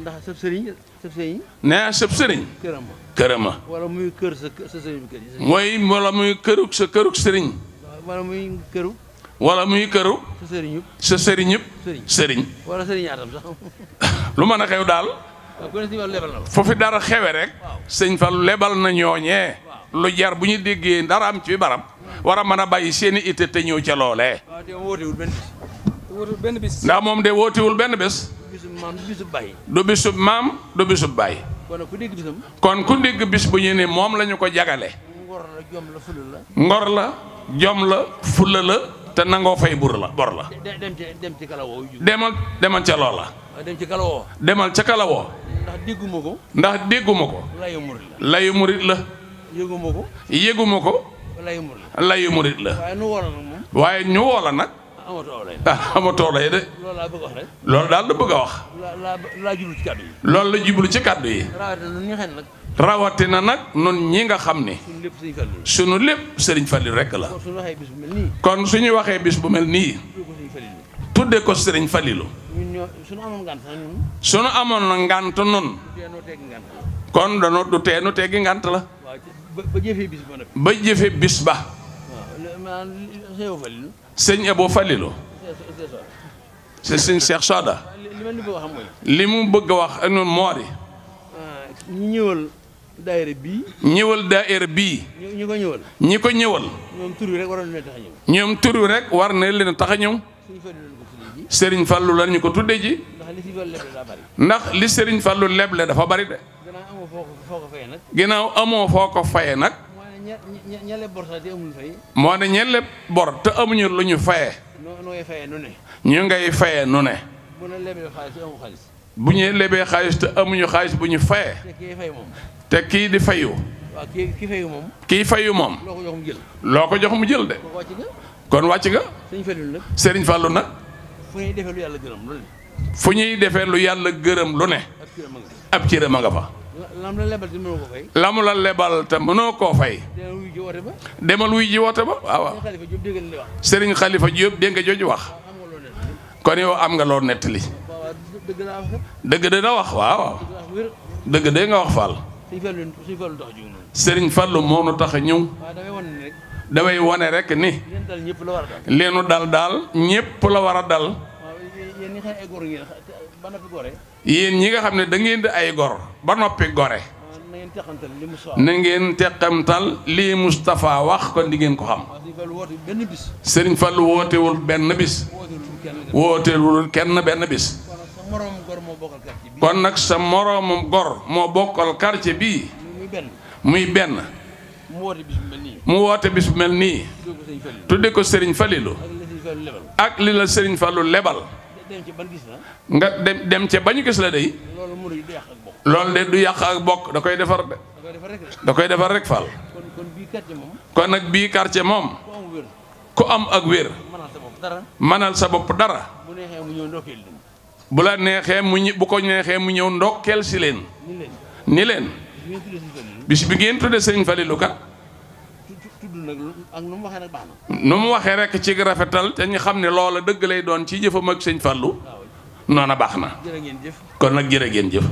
Speaker 9: ndax sëb sëriñ sëb sëriñ.
Speaker 8: nee sëb sëriñ. këram këram.
Speaker 9: wala muy kër sa sa sëriñ kër
Speaker 8: mooy wala muy kërug sa sëriñ.
Speaker 9: wala muy këru.
Speaker 8: muy këru. sa sëriñ yëpp sa sëriñ
Speaker 9: wala sëriñ atam *laughs*
Speaker 8: lu mën a xew daal. foofu dara xewe rek. sëñ Fallou lebal na ñooñee. lu jar bu ñu déggee dara am ci baram. war a mën a bàyyi seen i itte te ñëw ca loolee. ndax moom de wootewul benn bés.
Speaker 9: bisub maam du bisub baay.
Speaker 8: du bisub maam du bisub baay. kon ku dégg bisam. bu ñu ne moom la ñu ko jagale. ngor la jom la fula la. te nangoo fay bur la bor la.
Speaker 9: dem ca dem ca kalawoo.
Speaker 8: demal demal ca loola.
Speaker 9: Ah, dem ca kalawoo.
Speaker 8: demal ca kalawoo.
Speaker 9: ndax dégguma ko.
Speaker 8: ndax dégguma ko. layu murit la layu la. yëguma ko. yëguma ko. layu murit la waaye ñu woo la nag.
Speaker 9: ah
Speaker 8: amatoo lay de.
Speaker 9: loolu laa bëgg a wax rek.
Speaker 8: loolu daal la bëgg a wax.
Speaker 9: laa jublu ci kàddu yi.
Speaker 8: loolu la jublu ci kàddu yi. rawatina nag nun ñi nga xam ne. sunu lépp sëriñ Falil rek la. kon suñu waxee bis bu mel nii. tudde ko sëriñ Falilu. sunu amoon na ngant nun kon danoo du teenu teggi ngant la.
Speaker 9: ba jëfee bis ba.
Speaker 8: ba jëfee bis ba. sëñ Ebo Falilou c'est sëñ Cheikh li mu bëgg a wax noonu moo di
Speaker 9: ñëwal daayira bii.
Speaker 8: ñëwal daayira bii. ñi ko ñëwal. ñi ko ñëwal.
Speaker 9: ñoom tur wi rek war na leen
Speaker 8: ñoom tur wi rek war na leen tax a ñëw. sëriñ Fallou la ñu ko tuddee ji. ndax li sëriñ Serigne Fallou leble dafa bari de.
Speaker 9: ginnaaw amoo foo ko
Speaker 8: fayee nag. ginnaaw amoo foo ko fayee nag.
Speaker 9: ñele bor te fay.
Speaker 8: moo ne ñele bor te amuñu lu ñu fayee. ñu ngay fayee nu ne.
Speaker 9: bu ñu lebee xaalis amu xaalis.
Speaker 8: bu ñu lebee xaalis te amuñu xaalis bu ñu fayee. te kii di fayu.
Speaker 9: waaw kii kii fayu moom.
Speaker 8: kii fayu moom. loo ko jox mu jël. loo ko jox mu jël de. kon wàcc nga. Serigne Fallou nag.
Speaker 9: Serigne Fallou nag. ñuy defee lu yàlla gërëm lu ne.
Speaker 8: fu ñuy defee lu yàlla gërëm lu ne. ab cëram a nga fa.
Speaker 9: lam la lebal te mënoo koo
Speaker 8: fay. la lebal te mënoo koo fay. demal wuy ji woote ba. demal wuy ji woote ba waaw. Serigne Khalifa nga jooju wax. kon yow am nga loo nettali. dëgg de na wax waaw. dëgg de nga wax Fall. Serigne Fallou moo nu tax a ñëw. damay wane rek ni. leenu dal daal ñépp la war a dal. yéen ñi nga xam ne dangeen di ay gor ba noppi gore na ngeen teqamtal lii Moustapha wax kon di ngeen ko xam Sëriñ Fallu wootewul benn bis wootewul kenn benn bis kon nag sa moroomum gor moo bokkal quartier bii muy benn mu woote bis bu mel nii tuddee ko Sëriñ Falilu ak li la Sëriñ Fallu lebal
Speaker 9: nga
Speaker 8: dem dem ca bañu gis la day loolu de du yàq ak bokk da koy defar de da koy defar rek faal kon nag bii quartier moom ku am ak wér manal sa bopp dara bu la neexee mu ñi bu ko neexee mu ñëw ndokkeel si leen ni leen bis bi ngeen tudde sëñ Falilu kat
Speaker 9: tudd nag ak nu mu waxee rek baax na.
Speaker 8: nu mu waxee rek ci rafetal te ñu xam ne loola dëgg lay doon ci jëfam ak sëñ Fallou. noona baax na. jërë ngeen jëf. kon nag jërë ngeen jëf.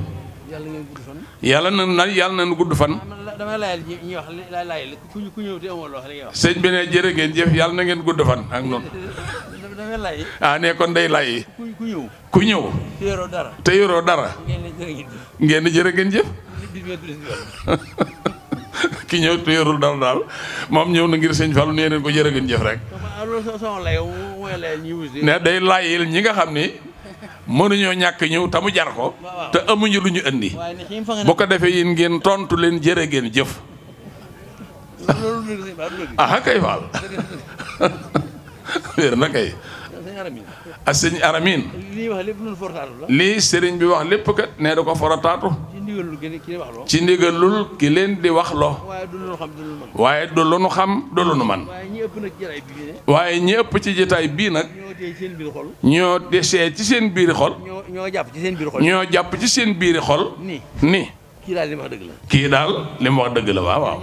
Speaker 8: yàlla ngeen gudd fan. yàlla na na yàlla nañu gudd fan.
Speaker 9: damay laajal ñi wax laajal ku ñu ku ñëw te amoo loo xam ne
Speaker 8: ngeen jëf yàlla na ngeen gudd fan ak noonu. ah ne kon day laaj. ku ñëw. ku te yoroo dara. te yoroo dara. ngeen ne jërë ngeen jëf.
Speaker 9: *laughs*
Speaker 8: *laughs* ki ñëw te yorul dal daal moom ñëw na ngir sëñ Fallou nee neen ko jërë ngeen jëf rek ne day layil ñi nga xam ni mënuñoo ñàkk ñëw tamu jar ko te amuñu lu ñu indi bu ko defee yéen ngeen tontu leen jërë ngeen jëf *laughs* ah kay Fall *laughs* wér na kay a sëñ Aramine lii sëriñ bi wax lépp kat nee da ko forataatu ci ndigalul ki leen di wax lo waaye du lu nu xam du lu nu man waaye ñi ëpp ci jotaay bii nag. ñoo desee ci seen biiri xol.
Speaker 9: ñoo jàpp ci seen biiri xol. ñoo jàpp ci seen biiri xol. ni kii daal li wax dëgg la.
Speaker 8: kii daal li mu wax dëgg la waaw waaw.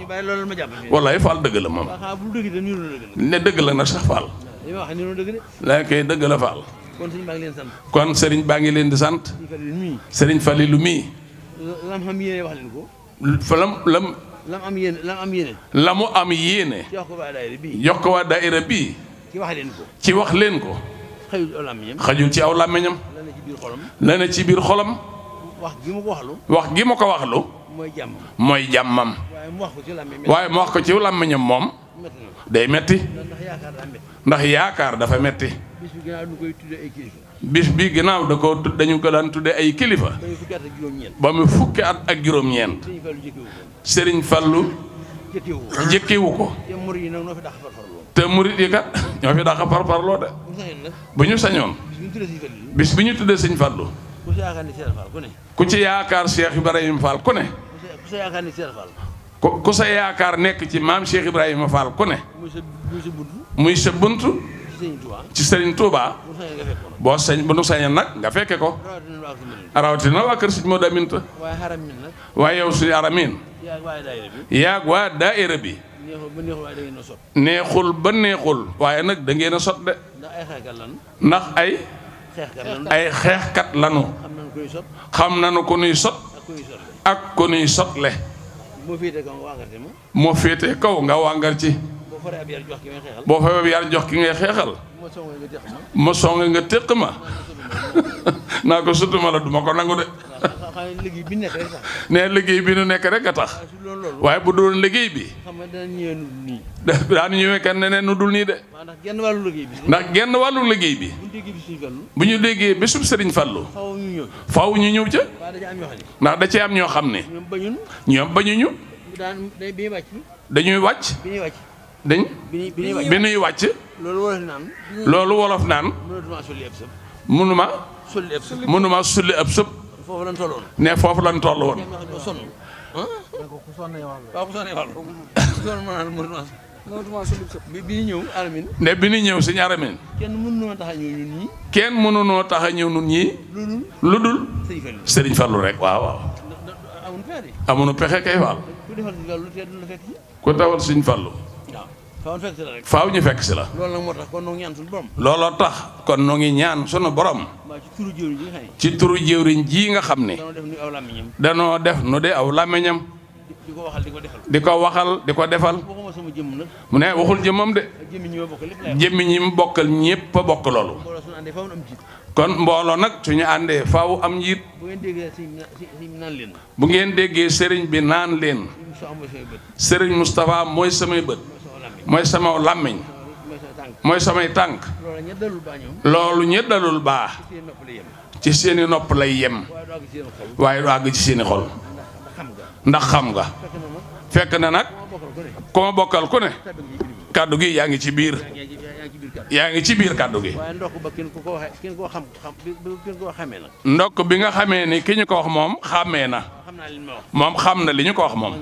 Speaker 8: wallaay Fall dëgg la moom. ne dëgg la nag sax Fall. laa koy dëgg la Fall. kon sëriñ baa ngi leen di sant. sëriñ Falilou mii.
Speaker 9: lam am yéene wax leen ko. fa lam lam. lam am am yéene.
Speaker 8: la mu am yéene. jox ko waa daayira bii jox bii. ci wax leen ko.
Speaker 9: wax leen ko. xajul ci aw làmmiñam ci aw
Speaker 8: làmmiñam. la ne ci biir xolam. ci biir xolam.
Speaker 9: wax gi ma ko waxlu.
Speaker 8: wax gi ma ko waxlu. mooy jàmm mooy jàmmam.
Speaker 9: waaye mu wax ko ci làmmiñam waaye mu ko
Speaker 8: ci làmmiñam moom. day metti ndax yaakaar dafa metti. bis bi ginnaaw da ko dañu ko daan tudde ay kilifa ba mu fukki at ak juróom-ñeent sëriñ Fallu jëkkiwu ko te murit yi kat ñoo fi daxa parparloo de bu ñu sañoon bis bi ñu tuddee sëñ Fallu ku ci yaakaar Cheikh Ibrahima Fall ku ne ku sa yaakaar nekk ci maam Cheikh Ibrahima Fall ku ne muy sa buntu ci Serigne Touba boo sañ bu nu sañoon nag nga fekke ko
Speaker 9: rawatina waa
Speaker 8: kër sëñ Modou Aminta waaye yow suñu aramin yaag waa daaira bi neexul ba neexul waaye nag da ngeen a sot de ndax ay ay xeexkat lanu xam nanu ko nuy sot ak ko nuy sotle moo féete kaw nga wàngar ci
Speaker 9: boo fa yar jox ki ngay xeexal
Speaker 8: ma song nga téq ma *laughs* naa ko sutuma la duma ko nangu de
Speaker 9: *laughs*
Speaker 8: ne liggéey bi nu nekk rek a tax waaye bu doon liggéey bi
Speaker 9: *laughs*
Speaker 8: daan ñëwee kan ne ne nu dul nii de ndax genn wàllu liggéey bi bu ñu déggee bésub sëriñ Fallu faw ñu ñëw ca ndax da cee am ñoo xam ne ñoom bañuñu dañuy wàcc dañ
Speaker 9: bi nuy wàcc loolu wolof naan loolu wolof
Speaker 8: naan mënuma mënuma sulli ab sëb ne foofu lan toll woon
Speaker 9: *laughs* bi ñëw alamin
Speaker 8: ne bi ñuy ñëw suñu alamin
Speaker 9: kenn mënunoo tax a ñëw ñun ñii
Speaker 8: kenn mënunoo tax ñëw ñun ñii lu dul sëriñ Fallu rek waaw waaw amuñu pexe kay waaw ku tawal suñ Fallu
Speaker 9: faaw ñu fekk si la. loolu nag moo tax kon noo ngi ñaan sunu
Speaker 8: looloo tax kon noo ngi ñaan sunu borom. ci turu jëwriñ ji nga xam ne. danoo def nu de aw làmmiñam di ko waxal di ko defal. di ko waxal di ko defal. mu ne waxul jëmmam de. jëmmi ñi mu bokkal ñépp a bokk loolu. kon mbooloo nag suñu àndee faaw am njiit bu ngeen déggee sëriñ bi naan leen sëriñ Moustapha mooy samay bët mooy sama làmmiñ mooy samay tànk loolu ña dalul baa ci seeni nopp lay yem waaye du àgg ci seeni xol ndax xam nga fekk na nag ku ma bokkal ku ne kàddu gi yaa ngi ci biir
Speaker 9: yaa ngi ci biir kàddu gi
Speaker 8: ndokk bi nga xamee ni ki ñu ko wax moom xàmmee na
Speaker 1: moom xam na li ñu ko wax moom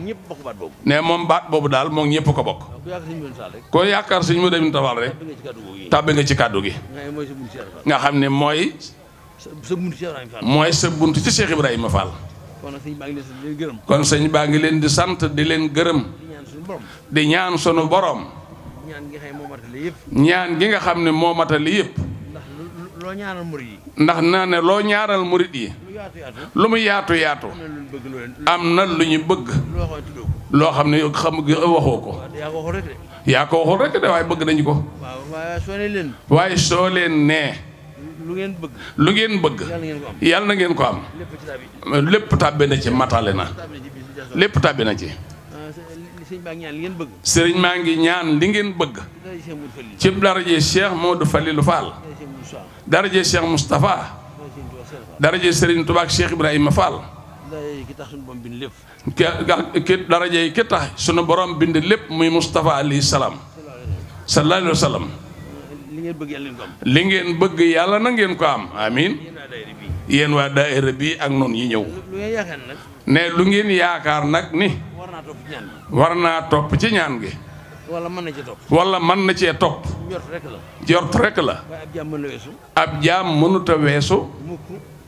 Speaker 8: ne moom baat boobu daal moom ñëpp ko bokk ko yaakaar suñu mu dem tafal rek tàbbi nga ci kàddu gi nga xam ne mooy mooy sa bunt ci Cheikh Ibrahima Fall kon sëñ baa ngi leen di sant di leen gërëm di ñaan sunu borom ñaan gi nga xam ne moo matali yëpp
Speaker 9: ndax
Speaker 8: na ne loo ñaaral murit yi lu mu yaatu yaatu am na lu ñu bëgg loo xam ne xam waxoo ko yaa ko waxul rek de waaye bëgg nañu ko waaye soo leen nee lu ngeen bëgg lu ngeen bëgg yàlla na ngeen ko am lépp tàbbi na ci matale na lépp tàbbi na ci ah, sëriñ maa ngi ñaan li ngeen bëgg ci daraje Cheikh Modou Falilou Fall eh, daraje Cheikh Moustapha daraje Serigne tubaak ak Cheikh Ibrahima Fall.
Speaker 9: daraje ki tax sunu borom bind lépp.
Speaker 8: ki daraje sunu borom bind lépp muy Moustapha alayhi salaam. sallallahu alayhi wa
Speaker 9: li ngeen bëgg yàlla ngeen
Speaker 8: li ngeen bëgg yàlla na ngeen ko am amiin. yéen waa daayira bi ak noonu yi ñëw. ne lu ngeen yaakaar nag ni. war naa topp ci ñaan gi.
Speaker 9: wala mën na cee topp.
Speaker 8: wala mën na cee topp. jort rek la. jort rek la. waaye ab jaam mën na weesu. ab jaam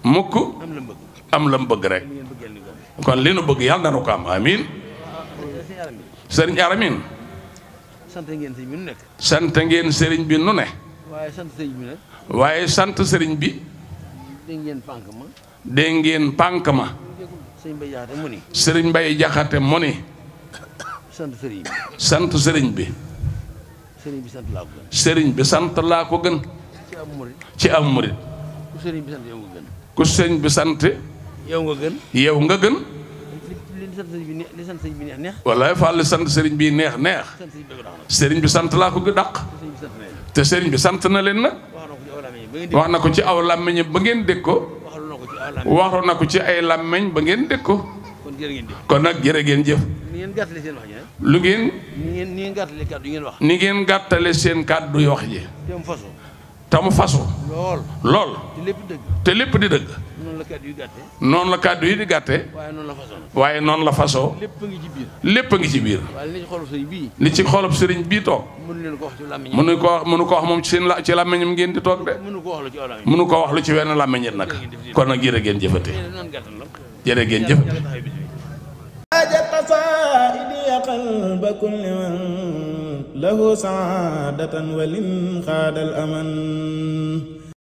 Speaker 8: mukk am la bëgg bëgg rek. kon li nu bëgg yàlla nanu ko am amiin. sëriñ Aramine.
Speaker 9: sant ngeen sëriñ bi nu nekk.
Speaker 8: sant ngeen sëriñ bi nu ne.
Speaker 9: waaye sant sëriñ bi nag.
Speaker 8: waaye sant sëriñ bi.
Speaker 9: ngeen pànk ma.
Speaker 8: ngeen pànk ma.
Speaker 9: sëriñ Mbaye Jaxate mu ni.
Speaker 8: sëriñ Mbaye Jaxate mu ni. sant sëriñ bi. sant sëriñ bi. sëriñ bi sant laa ko gën. sëriñ bi sant laa ko ci am murit. ci ku sëriñ bi sant yow nga gën. ku sëriñ a sant. yow nga gën. nga gën.
Speaker 9: li sant sëriñ bi neex neex.
Speaker 8: wallaay Fall li sant sëriñ bi neex neex. sëriñ bi sant laa ko gën dàq. te sëriñ bi sant na leen nag. wax na ko ci aw làmmiñ ba ngeen dégg ko. waxoon na ko ci ay làmmiñ ba ngeen dégg ko. kon jërë ngeen jëf. kon nag jërë ngeen jëf. lu
Speaker 9: ngeen gàttale seen wax ji ah? lu ngeen. ni ngeen ni ngeen gàttale kàddu wax.
Speaker 8: ni ngeen gàttale seen kàddu yi wax ji. te mu fasu. te lool lool. te lépp dëgg. te lépp di dëgg.
Speaker 9: noonu la kàddu yi gàtte.
Speaker 8: noonu la kàddu yi di gàtte. waaye noonu la fasoo. lépp ngi ci biir. lépp ngi ci biir.
Speaker 9: li ci xolub sëriñ bii. toog. mënu ko wax ci làmmiñam. mënu ko wax mënu
Speaker 8: ko wax moom ci seen la ci làmmiñam ngeen di toog de. mënu ko wax lu ci wenn làmmiñet nag. kon nag jërë ngeen jëfate jërë ngeen jëf
Speaker 2: قلب كل من له سعادة ولن خاد الأمن